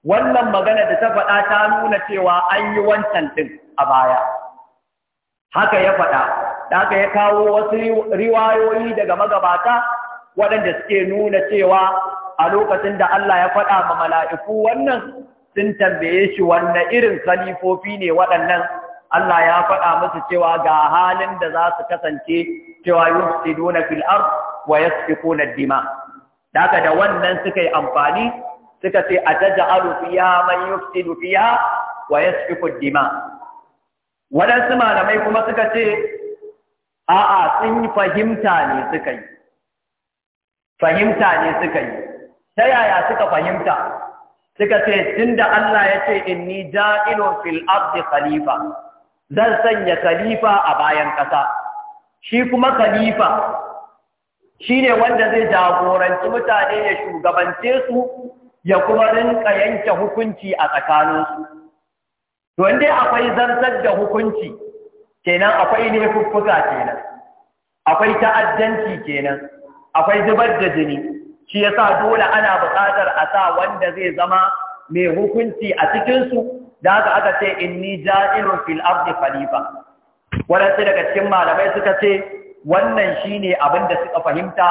wannan magana da ta faɗa ta nuna cewa an yi wancan ɗin a baya haka ya faɗa da haka ya kawo wasu riwayoyi daga magabata waɗanda suke nuna cewa a lokacin da Allah ya faɗa ma mala'iku wannan sun tambaye shi Wannan irin salifofi ne waɗannan Allah ya faɗa musu cewa ga halin da za su kasance cewa yufsiduna fil ard wa na dima daga da wannan suka yi amfani suka ce a ya mai man yufsidu ya? wa yasfiku ad-dima waɗansu malamai kuma suka ce a'a sun fahimta ne suka yi fahimta ne suka yi ta yaya suka fahimta suka ce tunda Allah ya ce inni ja'ilun fil ardi khalifa zan sanya khalifa a bayan kasa, shi kuma khalifa shine wanda zai jagoranci mutane ya shugabance su ya kuma rinka yanke hukunci a tsakaninsu. To, inda akwai zartar da hukunci, kenan akwai ne fuffuka kenan, akwai ta'addanci kenan, akwai zubar da jini, shi ya sa dole ana buƙatar a sa wanda zai zama mai hukunci a cikinsu, da haka aka ce inni ja'ilun fil ardi khalifa. Wadansu daga cikin malamai suka ce, wannan shine abin da suka fahimta,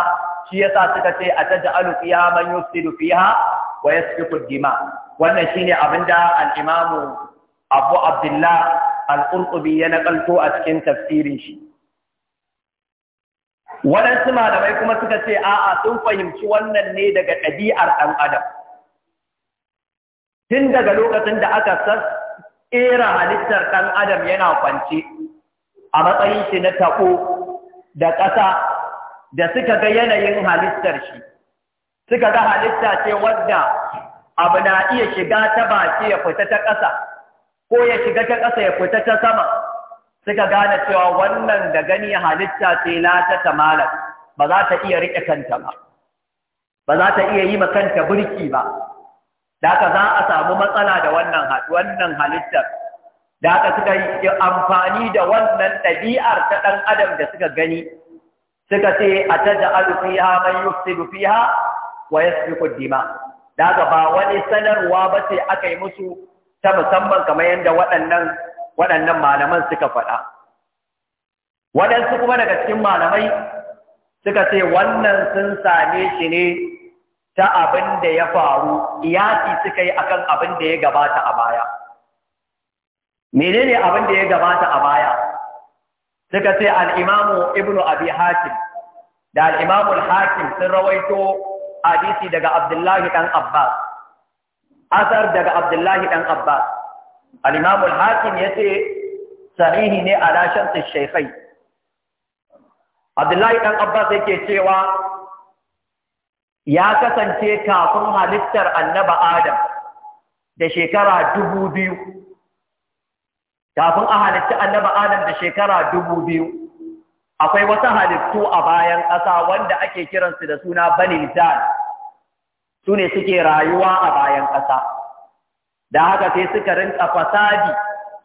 shi ya sa suka ce a taj'alu qiyaman yusidu fiha wa yasfiku dima wannan shine abinda al-imamu Abu Abdullah al-Qurtubi ya nakalto a cikin tafsirin shi waɗansu malamai kuma suka ce a'a sun fahimci wannan ne daga ɗabi'ar ɗan adam tun daga lokacin da aka tsera halittar ɗan adam yana kwance a matsayin shi na taɓo da ƙasa da suka ga yanayin halittar shi suka ga halitta ce wadda abu na iya shiga ta baki ya fita ta ƙasa ko ya shiga ta ƙasa ya fita ta sama suka gane cewa wannan da gani halitta ce la ta tamala ba za ta iya riƙe kanta ba ba za ta iya yi ma kanta burki ba da ka za a samu matsala da wannan wannan halittar da ka suka yi amfani da wannan ɗabi'ar ta ɗan adam da suka gani suka ce a ta ja'alu fiha man yufsidu fiha wa yasfiku dima daga ba wani sanarwa ba sai aka yi musu ta musamman kamar yadda waɗannan waɗannan malaman suka faɗa waɗansu kuma daga cikin malamai suka ce wannan sun same shi ne ta abin da ya faru iyaki suka yi akan abin da ya gabata a baya menene abin da ya gabata a baya suka ce al-imamu ibnu abi hatim da al-imamu al-hakim sun rawaito hadisi daga Abdullahi dan Abbas asar daga Abdullahi ɗan Abbas al hakim ya ce yace sahihi ne ala shartu shaykhai Abdullahi ɗan Abbas yake cewa ya kasance kafin halittar annaba Adam da shekara dubu biyu kafin a halitta annaba Adam da shekara dubu biyu akwai wasu halittu a bayan ƙasa wanda ake kiransu da suna Bani jan su ne suke rayuwa a bayan ƙasa da haka sai suka rinka fasadi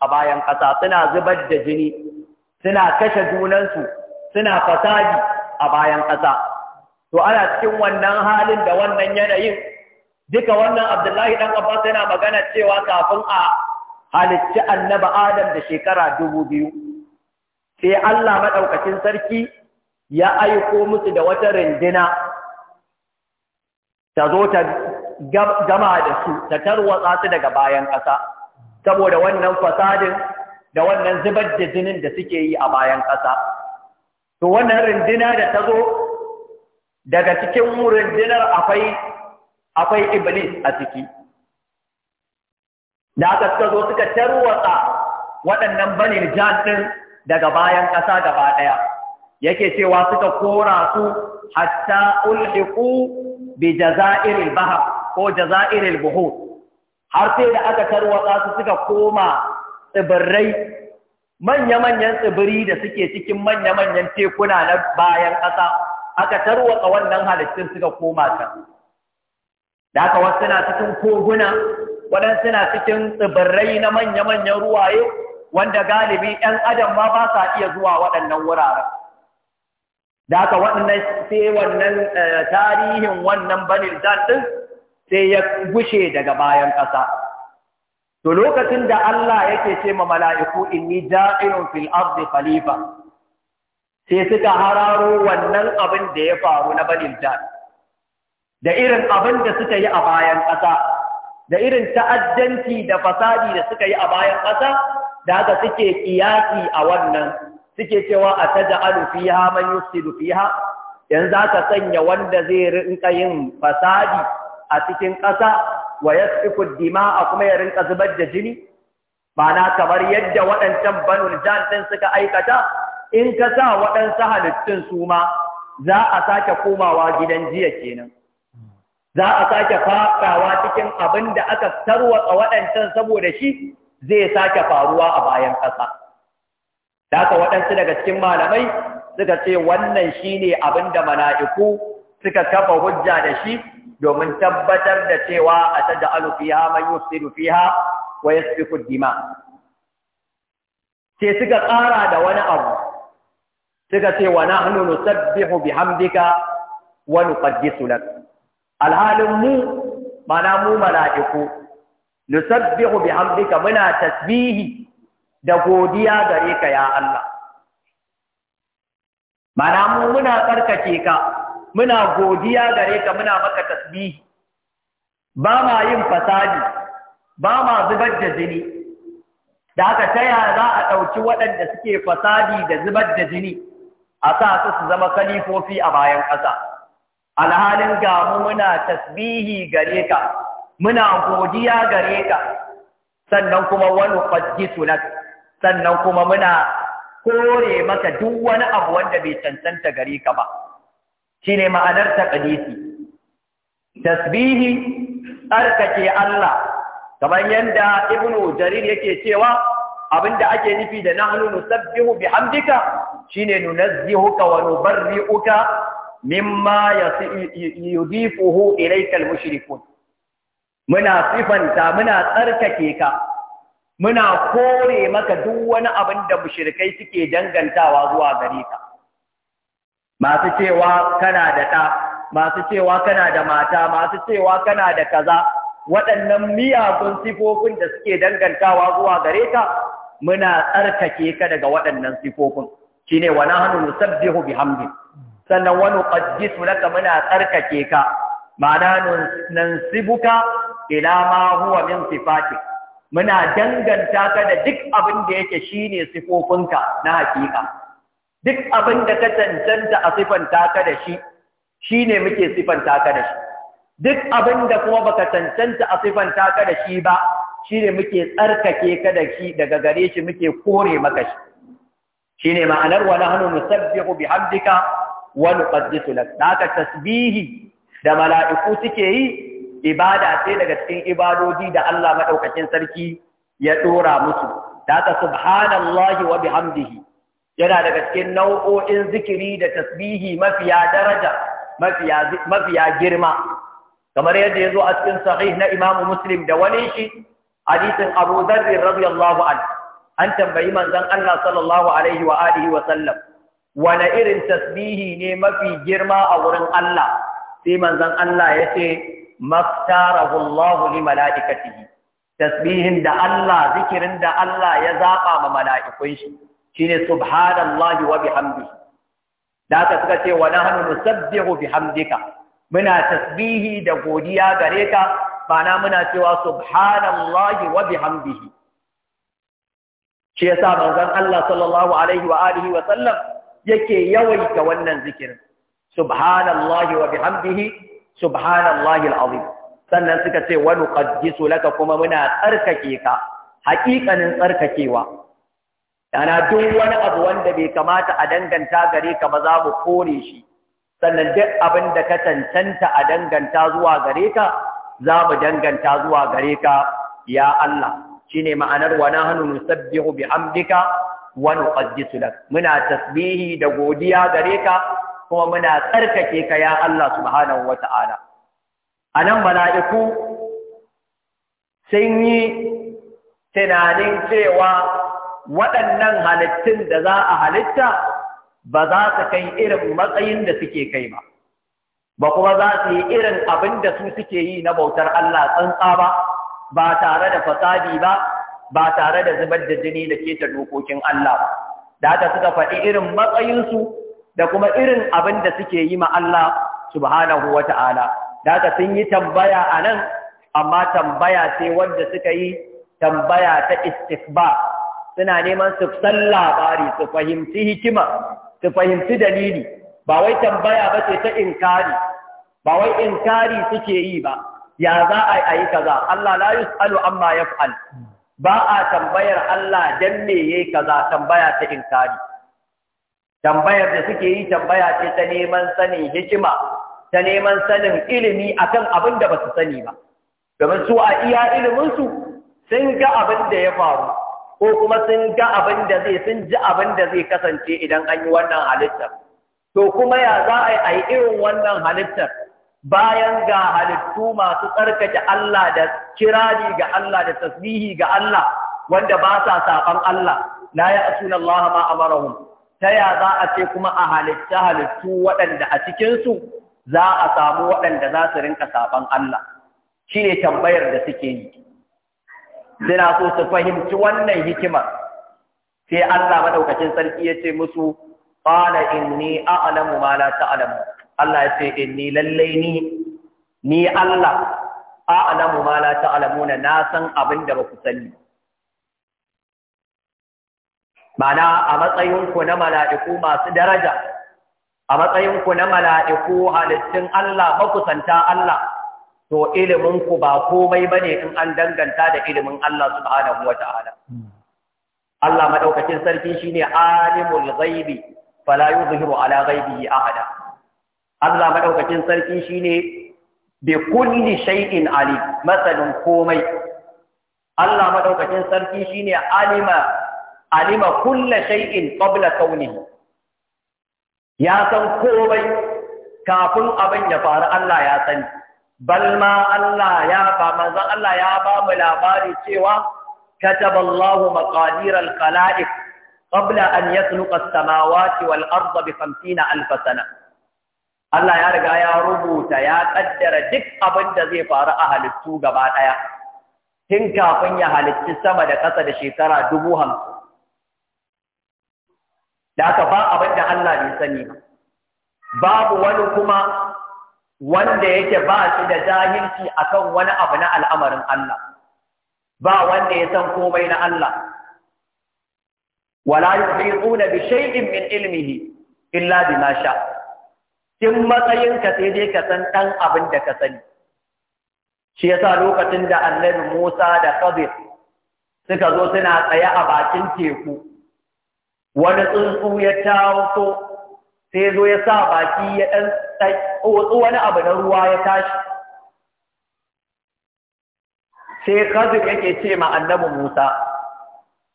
a bayan ƙasa suna zubar da jini suna kashe junansu suna fasadi a bayan ƙasa to ana cikin wannan halin da wannan yanayin duka wannan abdullahi ɗan abbas yana magana cewa kafin a halicci annaba adam da shekara dubu biyu sai Allah maɗaukacin sarki ya aiko musu da wata rindina ta zo ta gama da su ta tarwatsa su daga bayan ƙasa saboda wannan fasadin da wannan zubar da jinin da suke yi a bayan ƙasa to wannan rindina da ta zo daga cikin rindinar akwai akwai iblis a ciki da aka suka zo suka tarwatsa waɗannan banin jantin daga bayan ƙasa gaba ɗaya yake cewa suka kora su hatta ulhiqu bi jazairil bahr ko jazairil buhur har sai da aka tarwatsa su suka koma tsibirai manya-manyan tsibiri da suke cikin manya-manyan tekuna na bayan ƙasa aka tarwatsa wannan halittun suka koma can da aka wasu suna cikin koguna waɗansu suna cikin tsibirai na manya-manyan ruwaye wanda galibi ‘yan adam ma ba sa iya zuwa waɗannan wuraren. Da haka waɗannan sai wannan eh, tarihin wannan banin ɗin sai ya gushe daga bayan ƙasa. To lokacin da Allah yake ce ma mala'iku inni ja'irun fil ardi khalifa sai suka hararo wannan abin da ya faru na banin da irin abin da suka yi a bayan ƙasa. da irin ta'addanci da fasadi da suka yi a bayan ƙasa da haka suke kiyasi a wannan suke cewa a taj'alu fiha man yufsidu fiha yanzu aka sanya wanda zai rinka yin fasadi a cikin ƙasa wa yasfiku dima'a kuma ya rinka zubar da jini na kamar yadda waɗancan Jan din suka aikata in ka sa waɗansu halittun su ma za a sake komawa gidan jiya kenan za a sake faɗawa cikin abin da aka tarwatsa waɗancan saboda shi zai sake faruwa a bayan ƙasa. Da haka waɗansu daga cikin malamai suka ce wannan shi ne abin da mala'iku suka kafa hujja da shi domin tabbatar da cewa a ta da alufiya man yusiru fiha wa yasfiku dima. Sai suka ƙara da wani abu suka ce wa nahnu nusabbihu bihamdika wa nuqaddisu lak. alhalin mu mana mu mala'iku nusabbihu bihamdika muna tasbihi da godiya gare ka ya Allah mana mu muna karkace ka muna godiya gare ka muna maka tasbihi ba ma yin fasadi ba ma zubar da jini da aka taya za a ɗauki waɗanda suke fasadi da zubar da jini a sa su su zama kalifofi a bayan ƙasa alhalin ga mu muna tasbihi gare ka muna godiya gare ka sannan kuma wani qaddisu lak sannan kuma muna kore maka duk wani abu wanda bai cancanta gare ka ba Shi ne ma'anar kadisi tasbihi tsarkake Allah kamar yanda ibnu jarir yake cewa abinda ake nufi da nahnu nusabbihu bihamdika shine nunazzihuka wa nubarri'uka mimma yudifuhu ilayka al-mushrikun muna sifanta muna tsarkake ka muna kore maka duk wani abin da mushrikai suke dangantawa zuwa gare ka masu cewa kana da ɗa masu cewa kana da mata masu cewa kana da kaza waɗannan miyagun sifofin da suke dangantawa zuwa gare ka muna tsarkake ka daga waɗannan sifofin shine wa nahnu nusabbihu bihamdihi sannan wani su laka muna tsarkake ka ma'ana nan sibuka ila ma huwa min sifati muna danganta ka da duk abin da yake shine sifofinka na hakika duk abin da ka cancanta a sifanta ka da shi shine muke sifanta ka da shi duk abin da kuma baka cancanta a sifanta ka da shi ba shine muke tsarkake ka da shi daga gare shi muke kore maka shi shine ma'anar wa nahnu bi bihamdika Wani nuqaddisu da aka tasbihi da mala'iku suke yi ibada ce daga cikin ibadoji da Allah madaukakin sarki ya dora musu da aka subhanallahi wa bihamdihi yana daga cikin nau'o'in zikiri da tasbihi mafiya daraja mafiya girma kamar yadda ya zo a cikin sahih na Imam Muslim da wani shi hadisin Abu Dharr radiyallahu anhu an tambayi manzon Allah sallallahu alaihi wa alihi wa sallam wane irin tasbihi ne mafi girma a wurin Allah sai manzon Allah ya ce maftarahu Allah li malaikatihi tasbihin da Allah zikirin da Allah ya zaba ma mala'ikun shi shine subhanallahi wa bihamdihi da aka suka ce wa nahnu nusabbihu bihamdika muna tasbihi da godiya gare ka bana muna cewa subhanallahi wa bihamdihi shi yasa manzon Allah sallallahu alaihi wa alihi wa sallam yake yawaita wannan zikirin subhanallahi wa bihamdihi subhanallahi alazim sannan suka ce wa nuqaddisu laka kuma muna tsarkake ka haƙiƙanin tsarkakewa yana duk wani abu wanda bai kamata a danganta gare ka ba za mu kore shi sannan duk abin da ka tantanta a danganta zuwa gare ka za mu danganta zuwa gare ka ya Allah shine ma'anar wa nahnu nusabbihu bihamdika Wani ƙaddisu da muna tasbihi da godiya gare ka kuma muna tsarkake ka ya Allah subhanahu wata'ala anan mala'iku sun yi tunanin cewa waɗannan halittun da za a halitta ba za su kai irin matsayin da suke kai ba ba kuma za su yi irin abin da su suke yi na bautar Allah tsantsa ba ba tare da fasadi ba ba tare da zubar da jini da keta dokokin Allah ba da haka suka faɗi irin matsayinsu da kuma irin abin da suke yi ma Allah subhanahu ta’ala. da haka sun yi tambaya a nan amma tambaya ce wanda suka yi tambaya ta istikba suna neman su san labari su fahimci hikima su fahimci dalili ba wai tambaya ba ce ta inkari ba wai inkari suke yi ba ya za a yi kaza Allah la yus'alu amma yaf'al ba a tambayar Allah dan me yayi kaza tambaya ta inkari tambayar da suke yi tambaya ce ta neman sanin hikima ta neman sanin ilimi akan abin da basu sani ba domin su a iya iliminsu su sun ga abin da ya faru ko kuma sun ga abin da zai sun ji abin da zai kasance idan an yi wannan halittar to kuma ya za a yi irin wannan halittar bayan ga halittu masu tsarkake Allah da kirari ga Allah da tasbihi ga Allah wanda ba sa saban Allah la ya asuna Allah ma amarahum ta ya za a ce kuma a halitta halittu waɗanda a cikinsu za a samu waɗanda za su rinka saban Allah shine tambayar da suke yi suna so su fahimci wannan hikimar sai Allah madaukakin sarki ya ce musu qala inni a'lamu ma la ta'lamu Allah ya ce inni lallai ni ni Allah a'lamu ma la ta'lamuna na san abin da baku sani mana a matsayinku na mala'iku masu daraja a matsayinku na mala'iku halittun Allah makusanta Allah to ilimin ku ba komai bane in an danganta da ilimin Allah subhanahu wata'ala Allah madaukakin sarki shine alimul ghaibi fala yuzhiru ala ghaibihi ahada Allah madaukakin sarki shine bi kulli shay'in ali masalun komai Allah madaukakin sarki shine alima alima kulli shay'in qabla kaunihi ya san komai kafin abin ya faru Allah ya sani balma Allah ya ba manzon Allah ya ba mu labari cewa kataballahu maqadir al-khalaiq qabla an yakhluqa as-samawati wal arda bi 50000 sana Allah ya riga ya rubuta ya kaddara duk abin da zai faru a halittu gaba ɗaya tun kafin ya halitti sama da ƙasa da shekara dubu hamsin da aka ba abin da Allah bai sani ba babu wani kuma wanda yake ba shi da jahilci akan wani abu na al'amarin Allah ba wanda ya san komai na Allah wala yuhituna bi shay'in min ilmihi illa bima sha. kin matsayinka sai dai ka san ɗan abin da ka sani shi yasa lokacin da annabi Musa da Kabir suka zo suna tsaye a bakin teku wani tsuntsu ya taso sai zo ya sa baki ya ɗan tsotsi wani abu na ruwa ya tashi sai Khadir yake ce ma annabi Musa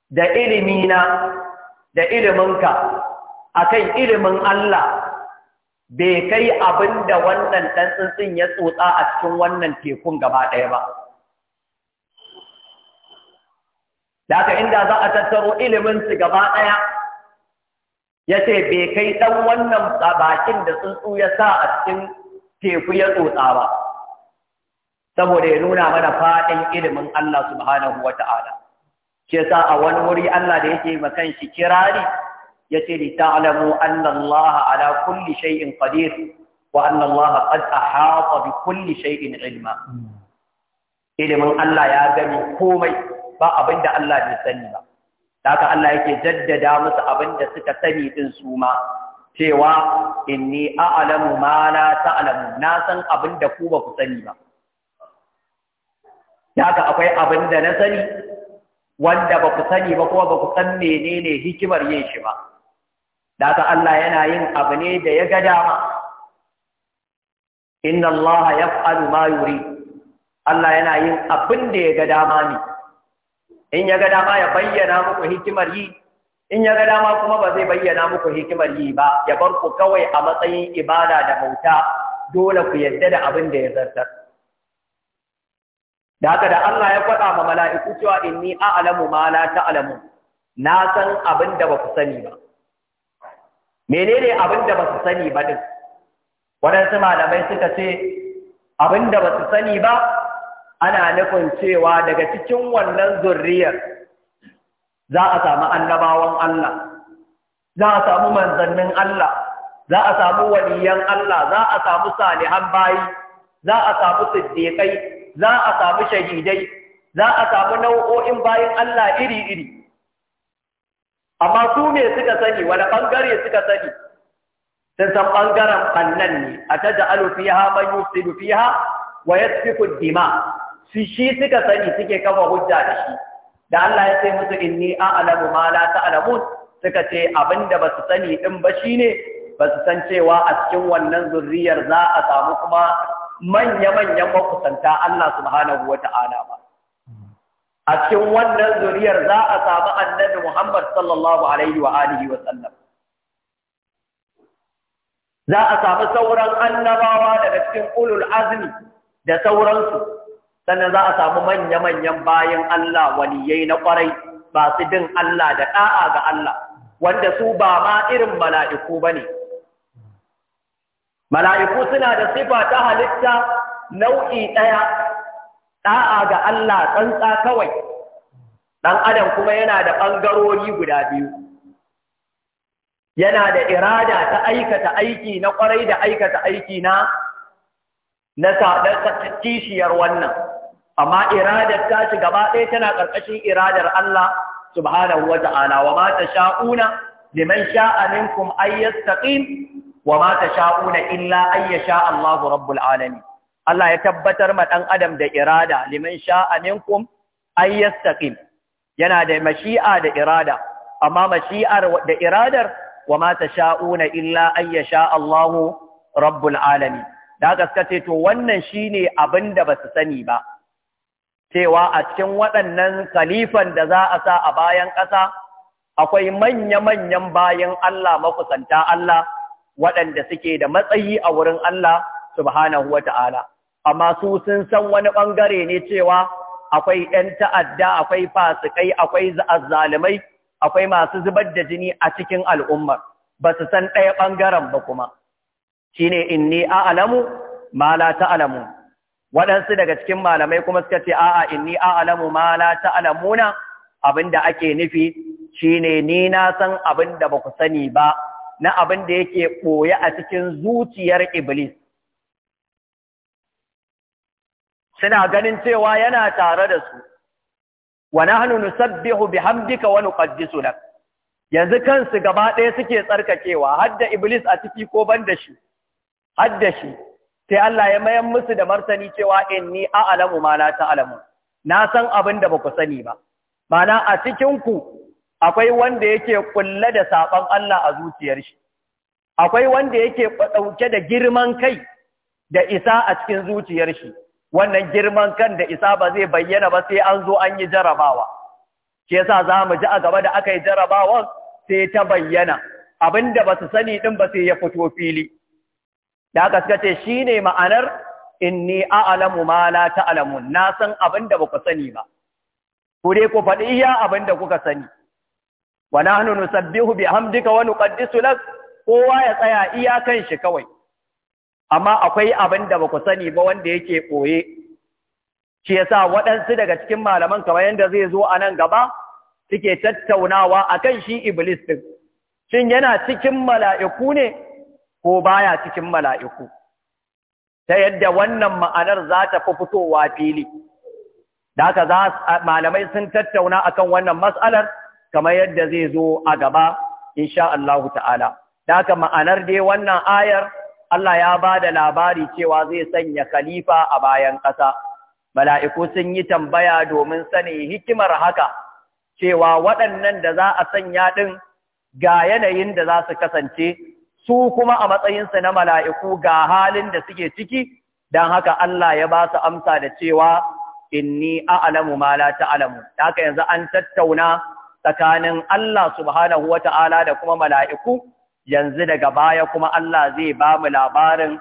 da ilimina da iliminka a kan ilimin Allah bai kai abin da wannan ɗan tsuntsun ya tsotsa a cikin wannan tekun gaba ɗaya ba. Da inda za a tattaro iliminsu gaba ɗaya, ya ce bai kai ɗan wannan bakin da tsuntsu ya sa a cikin teku ya tsotsa ba, saboda ya nuna mana faɗin ilimin Allah subhanahu wa ta'ala. Ke sa a wani wuri Allah da yake makan shi kirari, yace li ta'lamu anna Allah ala kulli shay'in qadir wa anna Allah qad ahata bi kulli shay'in ilma ilimin Allah ya gani komai ba abinda Allah bai sani ba haka Allah yake jaddada musu abinda suka sani din su ma cewa inni a'lamu ma la ta'lamu na san abinda ku ba ku sani ba haka akwai abinda na sani wanda ba ku sani ba kuma ba ku san menene hikimar yin shi ba da Allah yana yin abu ne da ya ga dama inna Allah yaf'alu ma yuri Allah yana yin abin da ya ga dama ne in ya ga dama ya bayyana muku hikimar yi in ya ga dama kuma ba zai bayyana muku hikimar yi ba ya bar ku kawai a matsayin ibada da bauta dole ku yadda da abin da ya zartar da haka da Allah ya faɗa ma mala'iku cewa inni a'lamu ma la ta'lamu na san abin da ba ku sani ba menene abin da ba su sani ba din waɗansu malamai suka ce abin da ba su sani ba ana nufin cewa daga cikin wannan zurriyar za a samu annabawan Allah za a samu manzannin Allah za a samu waliyan Allah za a samu salihan bayi za a samu siddiƙai za a samu shahidai za a samu nau'o'in bayin Allah iri-iri amma su me suka sani wani ɓangare suka sani sun san ɓangaren annan ne a ta ja'alu fiha su yufsidu ha wa fi kudima su shi suka sani suke kafa hujja da shi da Allah ya ce musu inni a'lamu ma la alamu suka ce abinda ba su sani din ba shi ne, ba su san cewa a cikin wannan zurriyar za a samu kuma manya-manyan makusanta Allah subhanahu wata'ala ba a cikin wannan zuriyar za a samu annabi Muhammad sallallahu alaihi wa alihi wa sallam za a samu sauran annabawa daga cikin ulul azmi da sauransu sannan za a samu manya-manyan bayan Allah waliyai na kwarai ba su bin Allah da ɗa'a ga Allah wanda su ba ma irin mala'iku ba ne mala'iku suna da sifa ta halitta nau'i ɗaya da'a ga Allah tsantsa kawai ɗan adam kuma yana da ɓangarori guda biyu yana da irada ta aikata aiki na kwarai da aikata aiki na na kishiyar wannan amma iradar ta shi gaba ɗaya tana ƙarƙashin iradar Allah subhanahu wa ta'ala wa ma sha'una, liman sha'a minkum ay wa ma sha'una, illa ayya yasha Allahu rabbul alamin Allah ya tabbatar ma ɗan adam da irada liman sha'a minkum ay yastaqim yana da mashi'a da irada amma mashi'ar da iradar wa ma tasha'una illa an yasha Allah rabbul alamin da ce to wannan shine abin da basu sani ba cewa a cikin waɗannan khalifan da za a sa a bayan ƙasa akwai manya-manyan bayan Allah makusanta Allah waɗanda suke da matsayi a wurin Allah subhanahu wa ta'ala. amma su sun san wani ɓangare ne cewa akwai ‘yan ta'adda, akwai fasikai, akwai azzalimai, akwai masu zubar da jini a cikin al'ummar, ba su san ɗaya ɓangaren ba kuma. Shi ne in ni alamu? ma la ta'alamu. Waɗansu daga cikin malamai kuma suka ce, a'a in ni alamu ma la na? abin da ake nufi shi ne ni na san abin da ba ku sani ba, na abin da yake ɓoye a cikin zuciyar Iblis. suna ganin cewa yana tare da su wa nahnu nusabbihu bihamdika wa nuqaddisu lak yanzu kansu gaba ɗaya suke tsarkakewa hadda iblis a ciki ko ban da shi hadda shi sai Allah ya mayan musu da martani cewa inni a'lamu ma la ta'lamu na san abin da baku sani ba mana a cikinku ku akwai wanda yake kulle da saban Allah a zuciyar shi akwai wanda yake dauke da girman kai da isa a cikin zuciyar shi wannan girman kan da isa ba zai bayyana ba sai an zo an yi jarabawa Ke sa za mu ji a gaba da aka yi jarabawan sai ta bayyana abinda ba su sani din ba sai ya fito fili da aka suka ce shine ma'anar inni a'lamu ma la ta'lamun na san abinda ba ku sani ba ku dai ku faɗi iya abinda kuka sani wa nahnu nusabbihu bihamdika wa nuqaddisu lak kowa ya tsaya iya kan shi kawai amma akwai abin da ba ku sani ba wanda yake ɓoye shi yasa waɗansu daga cikin malaman kamar yadda zai zo a nan gaba suke tattaunawa akan shi iblis ɗin shin yana cikin mala'iku ne ko baya cikin mala'iku ta yadda wannan ma'anar za ta fi fitowa fili da za malamai sun tattauna akan wannan mas'alar kamar yadda zai zo a gaba insha Allah ta'ala da aka ma'anar dai wannan ayar Allah ya ba da labari cewa zai sanya khalifa a bayan ƙasa. Mala'iku sun yi tambaya domin sani hikimar haka, cewa waɗannan da za a sanya ɗin ga yanayin da za su kasance, su kuma a matsayinsu na mala'iku ga halin da suke ciki, don haka Allah ya ba su amsa da cewa, Inni a'alamu ma la ta'alamu, haka yanzu an tattauna tsakanin Allah subhanahu wa ta'ala da kuma mala'iku. yanzu daga baya kuma Allah zai ba mu labarin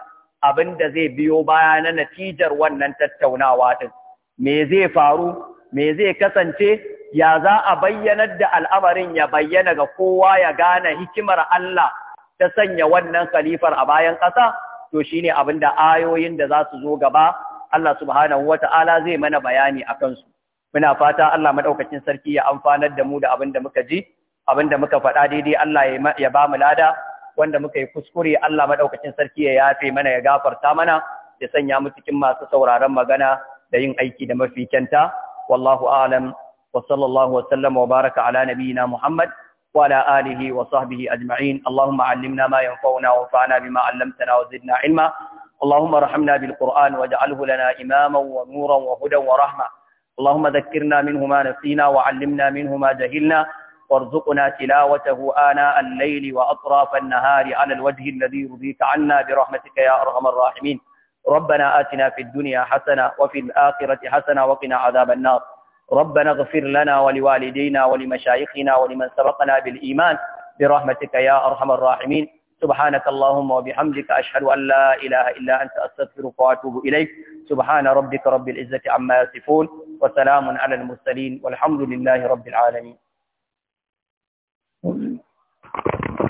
abin da zai biyo baya na natijar wannan tattaunawa ɗin. Me zai faru, me zai kasance, ya za a bayyanar da al'amarin ya bayyana ga kowa ya gane hikimar Allah ta sanya wannan khalifar a bayan ƙasa, to shine ne abin da ayoyin da za su zo gaba, Allah subhanahu wa ta'ala zai mana bayani a kansu. Muna fata Allah maɗaukacin sarki ya amfanar da mu da abin da muka ji. abinda muka faɗa daidai Allah ya ba mu lada wanda muka yi kuskure Allah madaukakin sarki ya yafe mana ya gafarta mana ya sanya mu cikin masu sauraron magana da yin aiki da mafi kyanta wallahu a'lam wa sallallahu wa sallama wa baraka ala nabiyyina Muhammad wa ala alihi wa sahbihi ajma'in Allahumma 'allimna ma yanfa'una wanfa'na bima 'allamtana wa zidna 'ilma اللهم ارحمنا بالقرآن واجعله لنا إماما ونورا وهدى ورحمة اللهم ذكرنا منه ما نسينا وعلمنا منه ما جهلنا وارزقنا تلاوته آناء الليل وأطراف النهار على الوجه الذي رضيك عنا برحمتك يا أرحم الراحمين ربنا آتنا في الدنيا حسنة وفي الآخرة حسنة وقنا عذاب النار ربنا اغفر لنا ولوالدينا ولمشايخنا ولمن سبقنا بالإيمان برحمتك يا أرحم الراحمين سبحانك اللهم وبحمدك أشهد أن لا إله إلا أنت أستغفرك وأتوب إليك سبحان ربك رب العزة عما يصفون وسلام على المرسلين والحمد لله رب العالمين Amen.